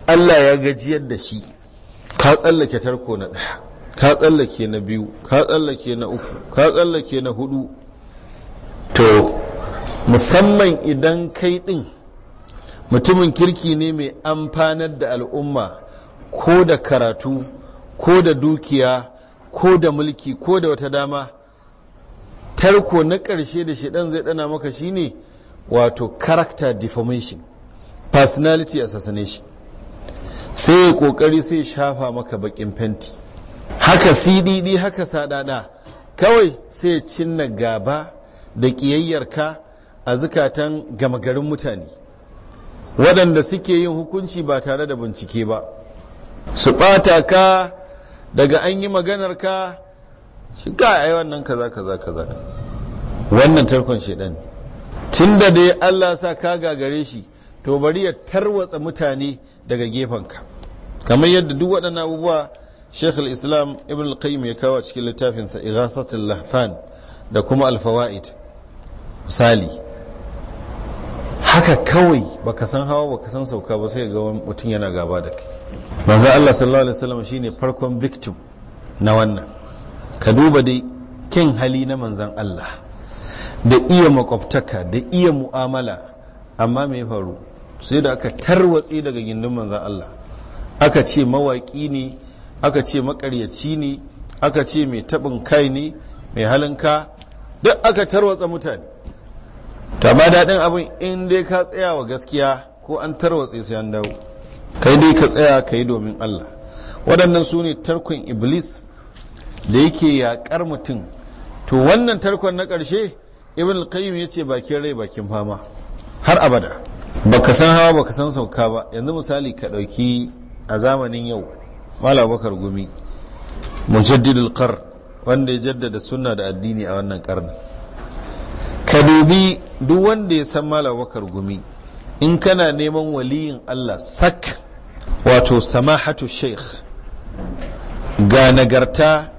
Allah ya gajiyar da shi ka tsallake tarko na daya ka tsallake na biyu ka tsallake na uku ka tsallake na hudu to musamman idan kai din mutumin kirki ne mai amfanar da al'umma ko da karatu ko da dukiya ko da mulki ko da wata dama tarko na ƙarshe da shidan zai ɗana maka shine wato character defamation personality assassination sai ya ƙoƙari sai shafa maka baƙin fenti haka cdd haka sadada kawai sai cinna gaba da ƙiyayyarka a zukatan gama garin mutane waɗanda suke yin hukunci ba tare da bincike ba su ɓata ka daga an yi maganar ka shi ka yi wannan kaza kaza kaza wannan tarkon shaidan ne tunda dai Allah sa ka gagare shi to bari ya tarwatsa mutane daga gefen ka. kamar yadda duk waɗannan abubuwa Sheikh islam Ibn al-Qayyim ya kawo cikin littafinsa Ighathatul Lahfan da kuma al-Fawaid misali haka kawai baka san hawa baka san sauka ba sai ga mutum yana gaba da kai manzo Allah sallallahu alaihi wasallam shine farkon victim na wannan ka duba dai kin hali na manzan Allah da iya makwabtaka da iya mu'amala amma me faru sai da aka tarwatse daga gindin manzan Allah aka ce mawaki ne aka ce makaryaci ne aka ce mai tabin kai ne mai halinka duk aka tarwatsa mutane ta amma daɗin abin in dai ka tsaya wa gaskiya ko an tarwatse sai an dawo kai dai ka tsaya ka yi domin Allah waɗannan su ne tarkon iblis da yake yaƙar mutum to wannan tarkon na ƙarshe ibn al-qayyim ya ce bakin rai bakin fama har abada Ba ka san hawa ba ka san sauka ba yanzu misali ka ɗauki a zamanin yau malam bakar gumi mujaddidul qar wanda ya jaddada sunna da addini a wannan ƙarni. ka dubi duk wanda ya san malawakar gumi in kana neman waliyin Allah sak wato samahatu sheikh ga nagarta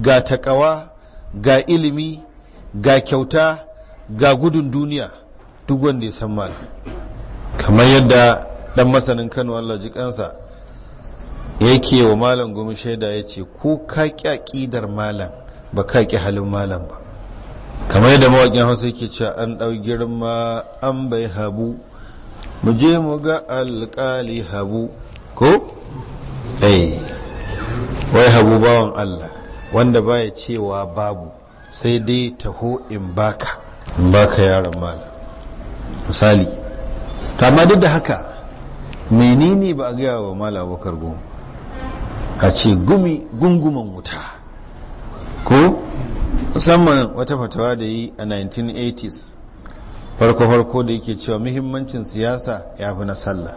ga takawa ga ilimi ga kyauta ga gudun duniya duk wanda ya san mala kamar yadda dan masanin kano Allah ji kansa yake wa malam gumi shaida ya ce ko ka ƙi aƙidar malam ba ka ƙi halin malam ba kamar yadda mawaƙin hausa yake cewa an ɗau girma an bai habu mu je mu ga alƙali habu ko? ai eh, wai habu bawan allah wanda baya cewa babu sai dai taho in baka in baka yaron mala misali to amma duk da haka menene ba a gaya wa mala abokar goma a ce gumi gunguman wuta ko musamman wata fatawa da yi a 1980s farko-farko da yake cewa muhimmancin siyasa ya fi na sallah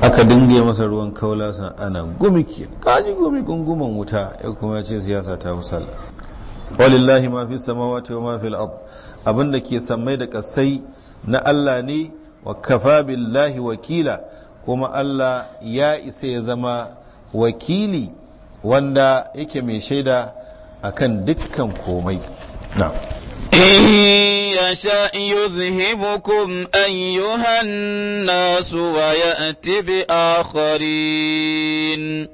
aka dinga masa ruwan kaula sun ana gumiki kaji gumi gunguman wuta ya kuma ya ce siyasa ta fi sallah walillahi ma fi samawati wa ma fi al abin da ke sammai da kasai na Allah ne wa kafa billahi wakila kuma Allah ya isa ya zama wakili wanda yake mai shaida akan dukkan komai na يشاء يذهبكم أيها الناس ويأتي بآخرين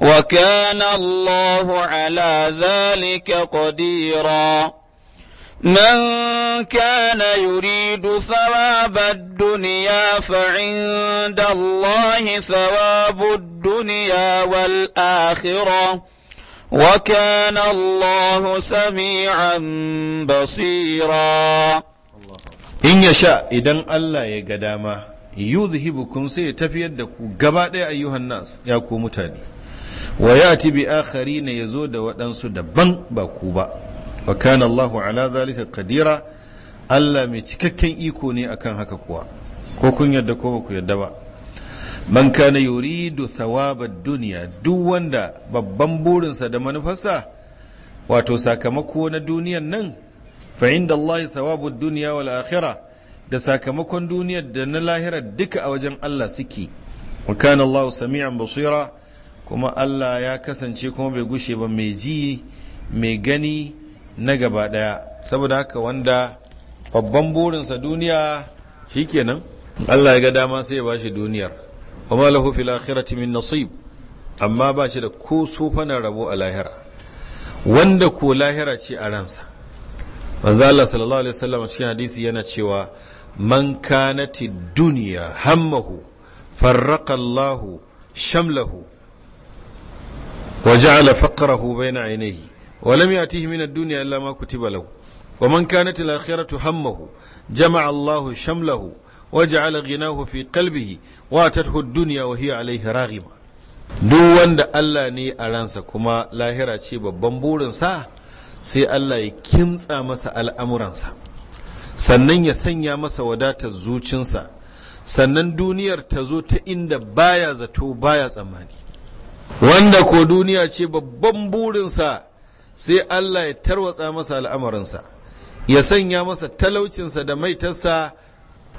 وكان الله على ذلك قديرا من كان يريد ثواب الدنيا فعند الله ثواب الدنيا والآخرة وكان الله سميعا بصيرا in ya sha idan Allah ya ga dama yuzhibukum sai ya tafi da ku gaba ɗaya ayyuhan nas ya ku mutane wa yati bi akharina yazo da waɗansu daban ba ku ba wa kana Allahu ala zalika qadira Allah mai cikakken iko ne akan haka kuwa ko kun yadda ko baku yarda ba man kana yuridu sawabad duniya duk wanda babban burinsa da manufarsa wato sakamako na duniyan nan fa inda Allah sawabud duniya wal akhirah da sakamakon duniyar da na lahira duka a wajen Allah suke wa kana Allah sami'an basira kuma Allah ya kasance kuma bai gushe ba mai ji mai gani na gaba daya saboda haka wanda babban burinsa duniya shikenan Allah ya ga dama sai ya bashi duniyar wa ma lahu fil akhirati min nasib amma ba shi da ko sufana rabo a lahira wanda ko lahira ce a ransa manzo Allah sallallahu alaihi wasallam cikin hadisi yana cewa man kanati dunya hammahu farraqa Allah shamlahu wa ja'ala faqrahu bayna ainihi wa lam yatihi min ad-dunya illa ma kutiba lahu wa man kanati al-akhiratu hammahu jama'a Allah shamlahu waja'ala ghinahu fi qalbihi wa tathu dunya wa hiya duk wanda Allah ne a ransa kuma lahira ce babban burinsa sai Allah ya kimtsa masa al'amuransa sannan ya sanya masa wadatar zucinsa sannan duniyar ta zo ta inda baya zato baya tsammani wanda ko duniya ce babban burinsa sai Allah ya tarwatsa masa al'amuransa, ya sanya masa talaucinsa da maitarsa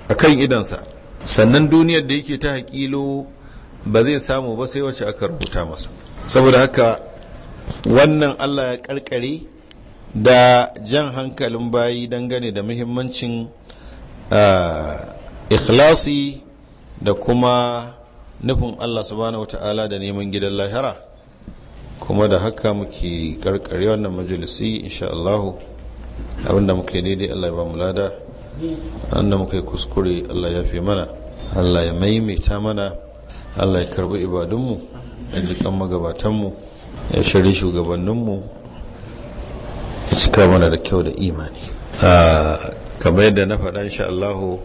a kan idansa sannan duniyar da yake ta haƙilo ba zai samu ba sai wacce aka rubuta masa saboda haka wannan allah ya karkare da jan hankalin bayi dangane da muhimmancin ikhlasi da kuma nufin allah subhanahu wata'ala da neman gidan lahira kuma da haka muke karkare wannan majalisi insha allahu abinda muke daidai allah ya ba mu lada an da muka yi kuskure Allah ya fi mana Allah ya maimaita mana Allah ya karbi ibadunmu ya jikan magabatanmu ya shari shugabanninmu ya cika mana da kyau da imani kamar yadda na faɗa insha Allahu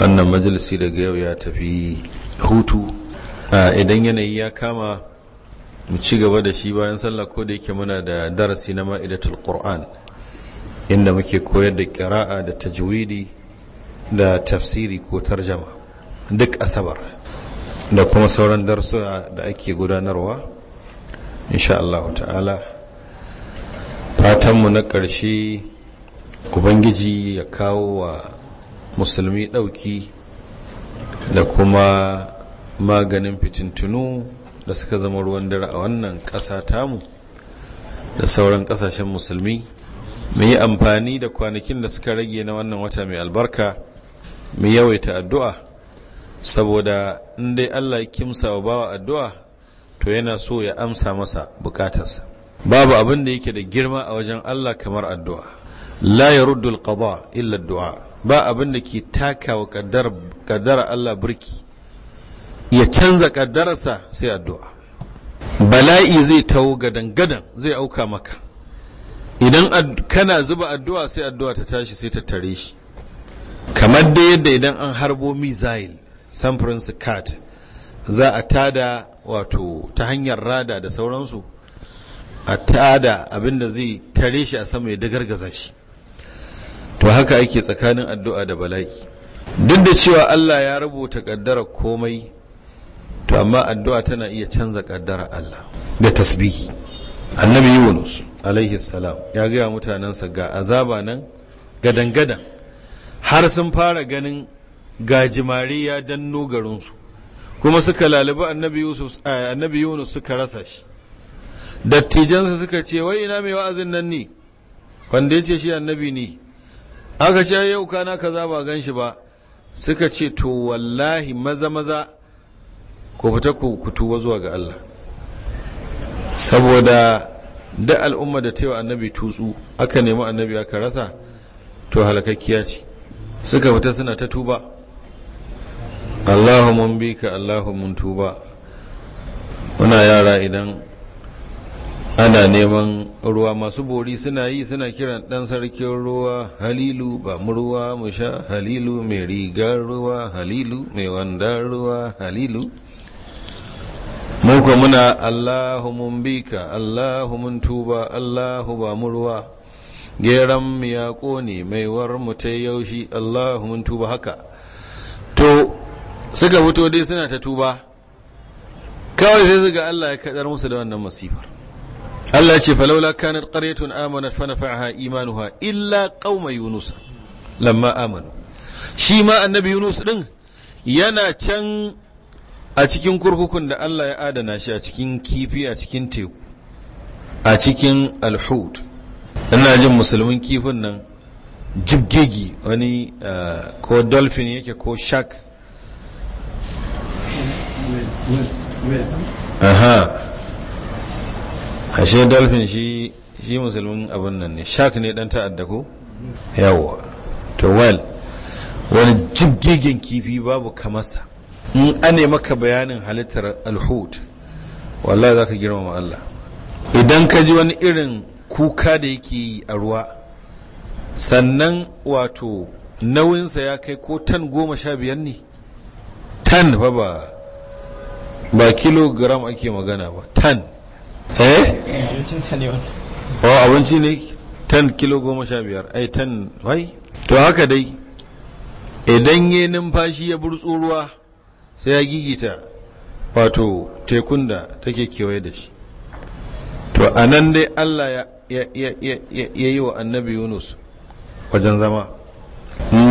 wannan majalisi daga yau ya tafi hutu idan yanayi ya kama mu ci gaba da shi bayan sallah ko da yake muna da darasi na ma'idatul qur'an inda muke koyar da kira'a da tajwidi da tafsiri ko tarjama duk asabar da kuma sauran darsa da ake gudanarwa insha Allah ta'ala fatanmu na ƙarshe ubangiji ya kawo wa musulmi ɗauki da kuma maganin fitintunu da suka zama ruwan dare a wannan ƙasa tamu da sauran ƙasashen musulmi mu yi amfani da kwanakin da suka rage na wannan wata mai albarka mu yawaita addu'a saboda in dai Allah ya kimsa wa bawa addu'a to yana so ya amsa masa bukatarsa babu abin da yake da girma a wajen Allah kamar addu'a la ya yaruddul qada illa addu'a ba abin da ke takawa kaddara Allah birki ya canza kaddararsa sai addu'a bala'i zai tawo gadan gadan zai auka maka idan kana zuba addu'a sai addu'a ta tashi sai ta tare shi kamar da yadda idan an harbo misail, samfurin su cat za a tada wato ta hanyar rada da sauransu a tada abinda zai tare shi a sama ya dagargaza shi to haka ake tsakanin addu'a da bala'i duk da cewa Allah ya rubuta kaddara komai to amma addu'a tana iya canza kaddara Allah da tasbihi annabi yunus alaihi salam ya gaya mutanensa ga azaba nan gadan-gadan har sun fara ganin gajimari ya danno garinsu kuma suka lalibu eh, annabi yunus suka rasa shi dattijansu suka ce wai ina mai wa'azin nan ne wanda ya ce shi annabi ne aka ce yau kana kaza ba gan shi ba suka ce to wallahi maza-maza ku fita ku tuwa zuwa ga allah saboda da al'umma da tewa annabi tutsu aka nemi annabi aka rasa to halakakkiya ce suka fita suna ta tuba allahu mun bi ka allahu mun tuba muna yara idan ana neman ruwa masu bori suna yi suna kiran dan sarkin ruwa halilu ba mu ruwa halilu mai rigar ruwa halilu mai wandar ruwa halilu muka muna Allahu mun bika Allahu mun tuba Allahu ba mu geran mu ya kone mai war mu ta yaushi Allahu tuba haka to suka fito dai suna ta tuba kawai sai suka Allah ya kadar musu da wannan masifar Allah ya ce falaula kanat qaryatun amanat fa nafa'aha imanuha illa qauma yunus lamma amanu shi ma annabi yunus din yana can a cikin kurkukun da Allah ya adana shi a cikin kifi a cikin teku a cikin alhud ina jin musulmin kifin nan jibgegi wani eh, ko dolphin yake ko shark aha ashe dolphin shi shi musulmin abin nan ne shark ne dan ta'adda ko yawa to well wani jibgegen kifi babu kamasa. in ane maka bayanin halittar alhut wallahi za ka girmama Allah idan ka ji wani irin kuka da yake yi a ruwa sannan wato nauyinsa ya kai ko tan goma sha biyar ne tan ba ba ba kilogram ake magana ba tan eh oh, abinci ne tan kilo goma sha biyar ai tan wai to haka dai idan ya numfashi ya burtsu ruwa sai ya gigita wato tekun da take kewaye da shi to a nan dai allah ya yi wa annabi yunus wajen zama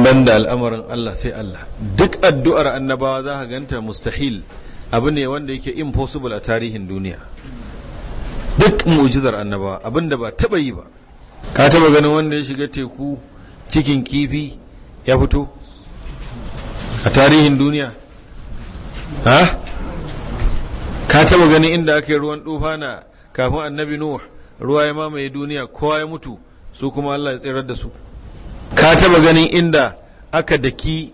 ban da al'amarin allah sai allah duk addu'ar annabawa za ka ganta mustahil abu ne wanda yake impossible a tarihin duniya duk mu'jizar annabawa abin da ba taba yi ba ka taba ganin wanda ya shiga teku cikin kifi ya fito a tarihin duniya ha ka taba ganin inda aka yi ruwan na kafin annabi nuh ruwa ya mamaye duniya kowa ya mutu su kuma Allah ya tsirar da su ka taba ganin inda aka daki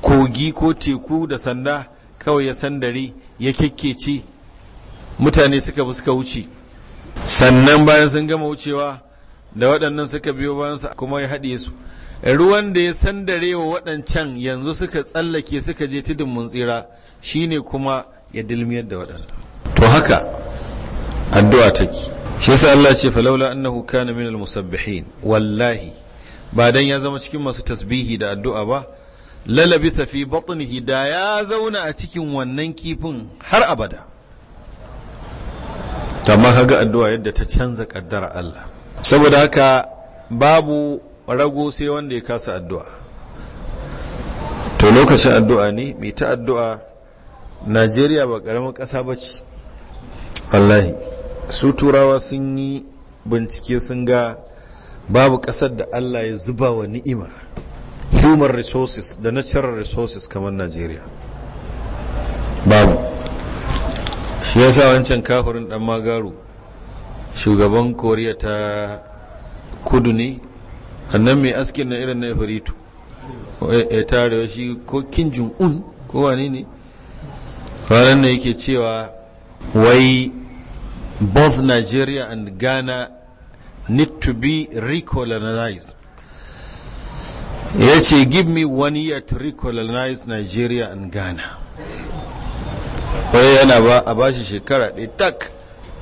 kogi ko teku da sanda kawai ya sandari ya kekeci mutane suka bi suka wuce sannan bayan sun gama wucewa da waɗannan suka biyo bayan su kuma ya haɗe su ruwan da ya san sandare wa waɗancan yanzu suka tsallake suka je tudun mun tsira shine kuma ya dilmiyar da waɗanda. to haka addu'a take shi yasa Allah ce falaula annahu kana min musabbihin wallahi ba dan ya zama cikin masu tasbihi da addu'a ba lalabisa fi batnihi da ya zauna a cikin wannan kifin har abada amma kaga addu'a yadda ta canza kaddara Allah saboda haka babu rago sai wanda ya kasa addu'a to lokacin addu'a ne mai ta addu'a najeriya ba ƙaramin ƙasa ba ce wallahi su turawa sun yi bincike sun ga babu ƙasar da allah ya zuba wa ni'ima human resources da natural resources kamar najeriya babu shi ya sa wancan kafirin dan magaru shugaban koriya ta kudu ne annan mai askin na irin na ifritu ya eh, eh, tare shi ko kin jun'un ko wani ne kwanan da yake cewa wai both nigeria and ghana need to be recolonized ya ce give me one year to recolonize nigeria and ghana wai yana ba a bashi shekara ɗaya tak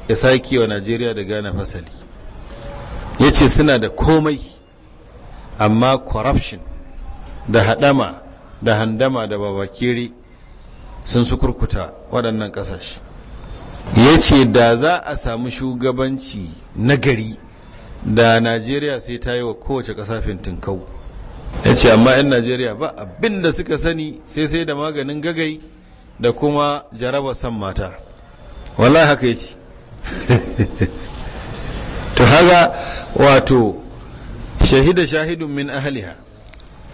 ya sake wa nigeria da ghana fasali ya ce suna da komai amma corruption da hadama da handama da babakiri sun su kurkuta waɗannan ƙasashe ya ce da za a samu shugabanci nagari da najeriya sai ta yi wa kowace ƙasa fintin kau ya ce amma 'yan najeriya ba abin da suka sani sai sai da maganin gagai da kuma jaraba san mata wallahi haka ya ce <laughs> to haga wato shahida shahidun min ahliha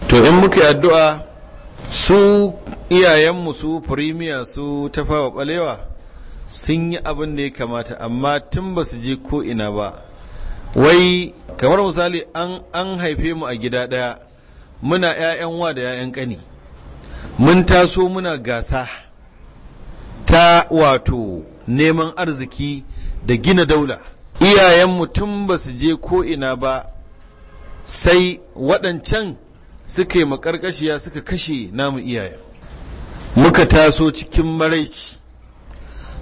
to in muke addu'a su iyayenmu su firimiya su tafawa balewa sun yi abin da ya kamata amma tun ba su je ko ina ba wai kamar misali an haife mu a gida daya muna 'ya'yan wa da 'ya'yan kani mun taso muna gasa ta wato neman arziki da gina daula iyayen mutum ba su je ko'ina ba sai waɗancan suka yi makarkashiya suka kashe namu iyaye muka taso cikin maraici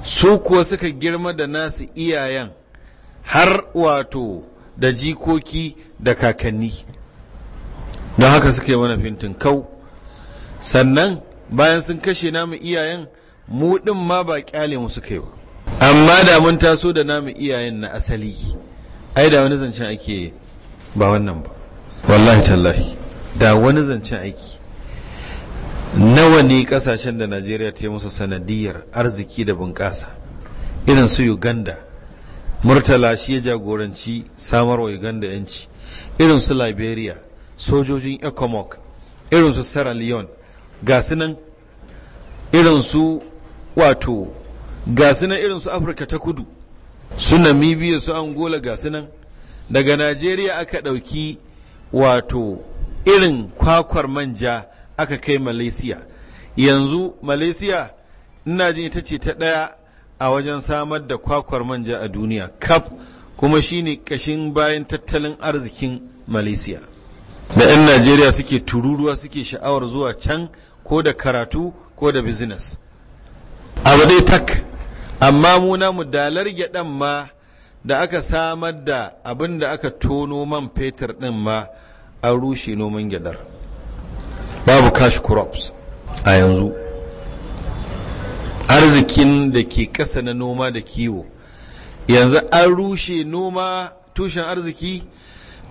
su kuwa suka girma da nasu iyayen har wato da jikoki da kakanni don haka suka yi mana fintin kau sannan bayan sun kashe namu iyayen mu ɗin ma ba kyale mu kai ba amma da mun taso da namu iyayen na asali ai da wani zancen ake ba wannan ba wallahi tallahi da wani zancen aiki nawa ne kasashen da najeriya ta yi musu sanadiyar arziki da bunƙasa irin su uganda murtala shi ya jagoranci samarwa uganda yanci irin su liberia sojojin ecomoc irin su sierra leone ga nan irin su wato ga nan irin su afirka ta kudu su namibia su angola ga nan daga najeriya aka ɗauki wato irin kwakwar manja aka kai malaysia yanzu malaysia ina jin ita ce ta ɗaya a wajen samar da kwakwar manja a duniya kaf kuma shine kashin bayan tattalin arzikin malaysia da 'yan najeriya suke tururuwa suke sha'awar zuwa can ko da karatu ko da business abu dai tak amma mu dalar gyaɗan ma da aka samar da abin da aka tono man fetur ɗin ma an rushe noman gyadar babu cash crops a yanzu arzikin da ke ƙasa na noma da kiwo yanzu an rushe noma tushen arziki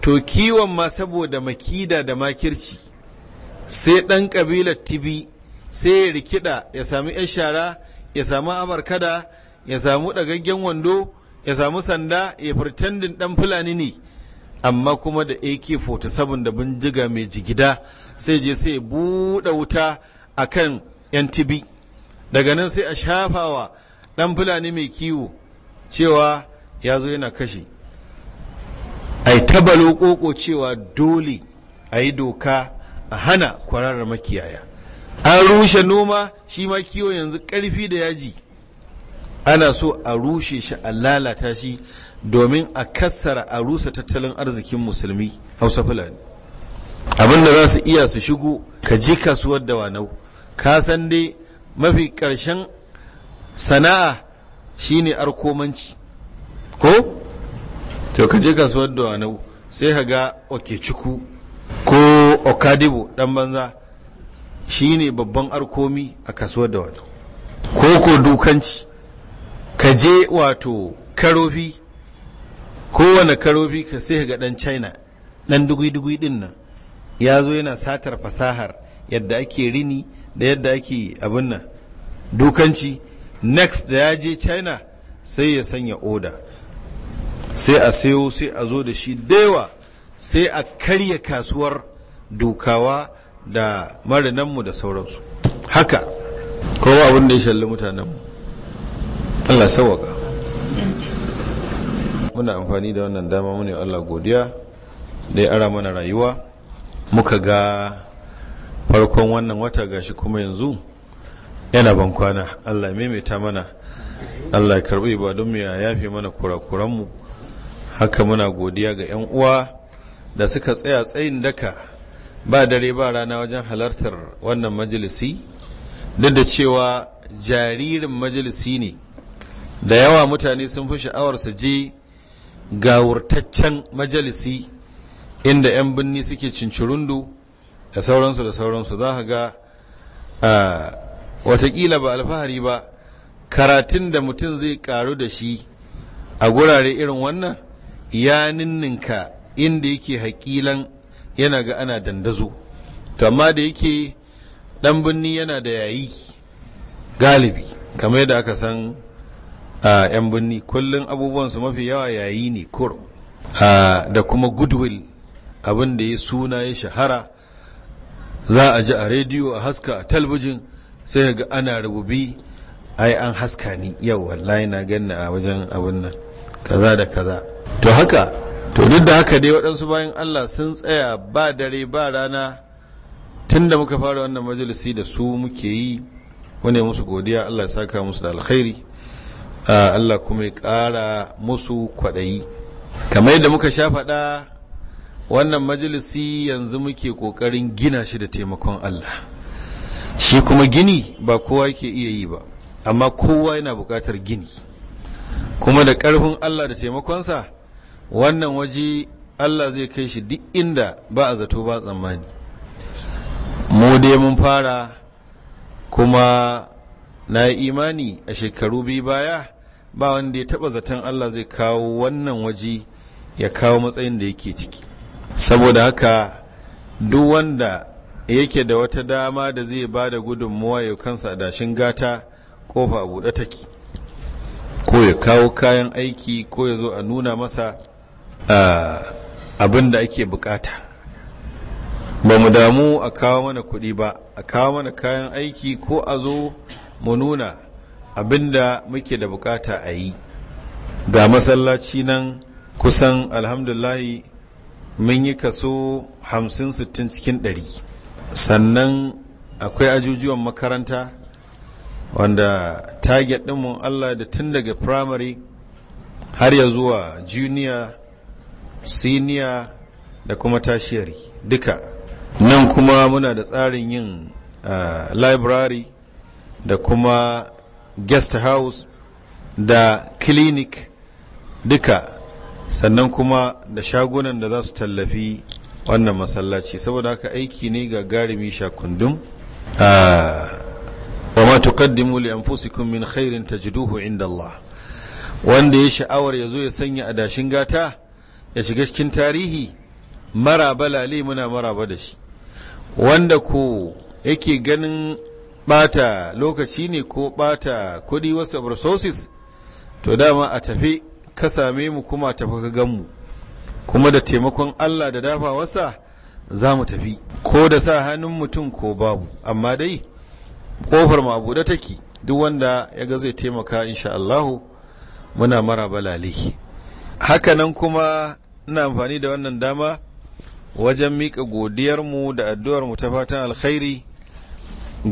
to kiwon ma saboda makida da makirci sai ɗan ƙabilar tibi sai ya rikida ya sami 'yan shara ya samu abarkada ya samu ɗagaggen wando ya samu sanda ya furtandin dan fulani ne amma kuma da ak-47 da bindiga mai jigida sai je sai buɗe wuta a kan yan daga nan sai a shafawa dan fulani mai kiwo cewa ya zo yana kashe a yi tabalo koko cewa dole a yi doka a hana kwararar makiyaya an rushe noma shi ma kiwo yanzu ƙarfi da yaji ana so a rushe shi a lalata shi domin a kassara a rusa tattalin arzikin musulmi hausa fulani abinda za su iya su shigo ka ji kasuwar da wanau ka san dai mafi karshen sana'a shine arkomanci ko to ka je kasuwar da wanau sai ka ga okeciku ko okadibo dan banza shine babban arkomi a kasuwar da wanau ko ko dukanci ka je wato karofi kowane karofi ka sai ga dan china dan dugui-dugui din nan ya zo yana satar fasahar yadda ake rini da yadda ake abin nan dukanci next da ya je china sai ya sanya oda sai a sayo sai a zo da shi daiwa sai a karya kasuwar dukawa da marinanmu da sauransu haka kowa abin da ya shalli mutanenmu Allah sauwaka muna amfani da wannan dama ne Allah godiya da ya ara mana rayuwa muka ga farkon wannan wata gashi kuma yanzu yana ban kwana Allah maimaita mana Allah karbi ba don ya yafe mana kurakuranmu haka muna godiya ga 'yan uwa da suka tsaya tsayin daka ba dare ba rana wajen halartar wannan majalisi duk da cewa jaririn majalisi ne da yawa mutane sun fi sha'awar su je gawurtaccen majalisi inda 'yan binni suke cincirundu da sauransu da sauransu za ka ga watakila ba alfahari ba karatun da mutum zai karu da shi a gurare irin wannan ya ninninka inda yake haƙilan yana ga ana dandazo to amma da yake ɗan birni yana da yayi galibi kamar yadda aka san a yan birni kullum abubuwansu mafi yawa yayi ne kurum da kuma goodwill abin da ya suna ya shahara za a ji a rediyo a haska a talbijin sai ga ana rububi ai an haska ni yau wallahi na ganna a wajen abin nan kaza da kaza to haka to duk da haka dai waɗansu bayan Allah sun tsaya ba dare ba rana tunda muka fara wannan majalisi da su muke yi wane musu godiya Allah ya saka musu da alkhairi Ah, Allah kuma ya ƙara musu kwaɗayi kamar yadda muka sha faɗa wannan majalisi yanzu muke ƙoƙarin gina shi da taimakon Allah shi kuma gini ba kowa ke iya yi ba amma kowa yana buƙatar gini kuma da ƙarfin Allah da taimakonsa wannan waje Allah zai kai shi duk inda ba a zato ba tsammani mu dai mun fara kuma na imani a shekaru biyu baya ba wanda ya taba zaton Allah zai kawo wannan waje ya kawo matsayin da yake ciki saboda haka duk wanda yake da wata dama da zai ba da gudunmuwa ya kansa dashin gata kofa buɗe take ko ya kawo kayan aiki ko ya zo a nuna masa abin da ake bukata ba mu damu a kawo mana kuɗi ba a kawo mana kayan aiki ko a zo mu nuna abinda muke da bukata a yi ga masallaci nan kusan alhamdulahi mun yi kaso 50-60 cikin 100 sannan akwai ajujuwan makaranta wanda target ɗinmu Allah da tun daga primary har ya zuwa junior senior da kuma tashiyari duka nan kuma muna da tsarin yin uh, library da kuma guest house da clinic duka sannan kuma da shagunan da za su tallafi wannan masallaci saboda haka aiki ne ga garimi shakundum ah, wa ma tuqaddimu li anfusikum min khairin tajiduhu inda Allah wanda ya sha'awar ya zo ya sanya adashin gata ya shiga cikin tarihi maraba lale muna maraba da shi wanda ko yake ganin bata lokaci ne ko bata kudi wasu resources to dama a tafi ka same mu kuma tafi ka gan mu kuma da taimakon Allah da dafa wasa za mu tafi ko da sa hannun mutum ko babu amma dai kofar mu abu da take duk wanda ya ga zai taimaka insha Allahu muna mara balale nan kuma ina amfani da wannan dama wajen miƙa godiyarmu da addu'ar mu ta fatan alkhairi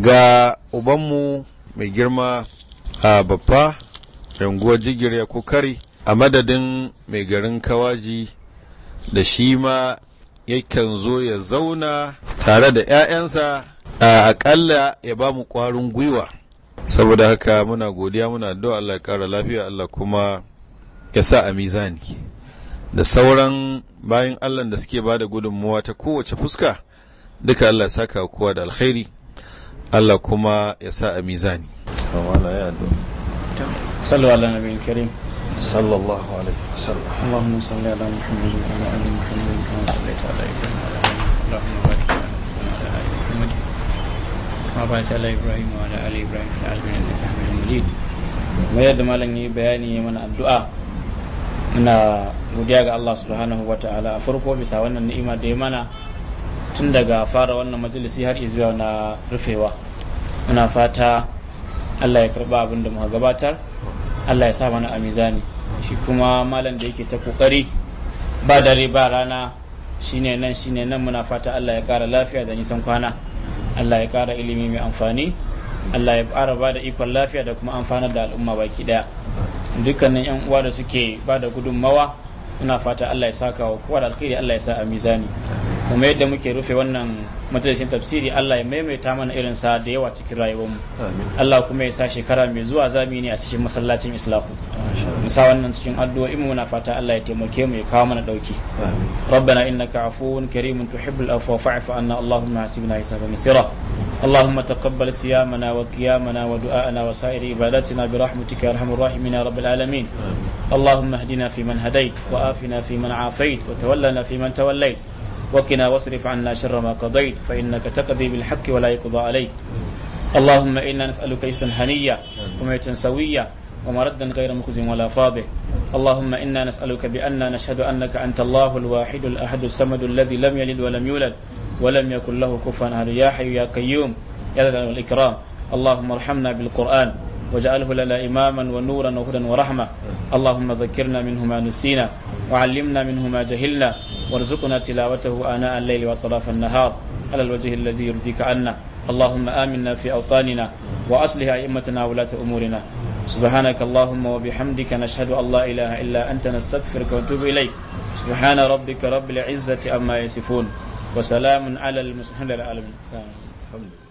ga ubanmu mai girma a babba unguwar jigir ya kokari a madadin mai garin kawaji da shi ma yakan zo ya zauna tare da 'ya'yansa a akalla ya ba mu kwarin gwiwa saboda haka muna godiya muna addu'a Allah ya kara lafiya Allah kuma ya sa a mizani da sauran bayan Allah da suke ba da gudunmuwa ta kowace fuska duka Allah ya saka kowa da alkhairi Allah kuma ya sa a mizani sallu ala nabi karim sallallahu alaihi wasallam Allahumma salli ala Muhammadin wa ala ali Muhammadin kama sallaita ala Ibrahim wa ala ali Allahumma barik ala Muhammad kama barakta ala Ibrahim wa ala ali Ibrahim fil alamin innaka Hamidum Majid kamar yadda malam yi bayani mana addu'a muna godiya ga Allah subhanahu wa ta'ala a farko bisa wannan ni'ima da ya mana tun daga fara wannan majalisi har izuwa na rufewa muna fata allah ya karba abin da muka gabatar allah ya sa mana a mizani shi kuma malam da yake ta kokari ba dare ba rana shine nan shine nan muna fata allah ya kara lafiya da nisan kwana allah ya kara ilimi mai amfani allah ya kara ba da ikon lafiya da kuma amfanar da al'umma baki daya dukkanin yan uwa da suke ba da gudunmawa muna fata allah ya saka wa kowa da alkhairi allah ya sa a mizani kuma yadda muke rufe wannan majalisin tafsiri Allah ya maimaita mana irin sa da yawa cikin rayuwarmu Allah kuma ya sa shekara mai zuwa zami ne a cikin masallacin islahu musa wannan cikin addu'o'in mu na fata Allah ya taimake mu ya kawo mana dauki rabbana innaka afuwun karimun tuhibbul afwa fa'fu anna allahumma hasibna hisaban yasira اللهم تقبل صيامنا وقيامنا ودعاءنا وسائر عباداتنا برحمتك يا ارحم الراحمين يا رب العالمين اللهم اهدنا فيمن هديت وآفنا فيمن عافيت وتولنا فيمن توليت وقنا واصرف عنا شر ما قضيت فإنك تقضي بالحق ولا يقضى عليك اللهم إنا نسألك إسلا هنية وميتا سويا ومردا غير مخز ولا فاضح اللهم إنا نسألك بأن نشهد أنك أنت الله الواحد الأحد الصمد الذي لم يلد ولم يولد ولم يكن له كفوا أحد يا حي يا قيوم يا ذا الإكرام اللهم ارحمنا بالقرآن واجعله لنا إماما ونورا وهدى ورحمة اللهم ذكرنا منه ما نسينا وعلمنا منه ما جهلنا وارزقنا تلاوته آناء الليل وأطراف النهار على الوجه الذي يرضيك عنا اللهم آمنا في أوطاننا وأصلح أئمتنا ولاة أمورنا سبحانك اللهم وبحمدك نشهد أن لا إله إلا أنت نستغفرك ونتوب إليك سبحان ربك رب العزة أما يصفون وسلام على المسلمين العالمين الحمد لله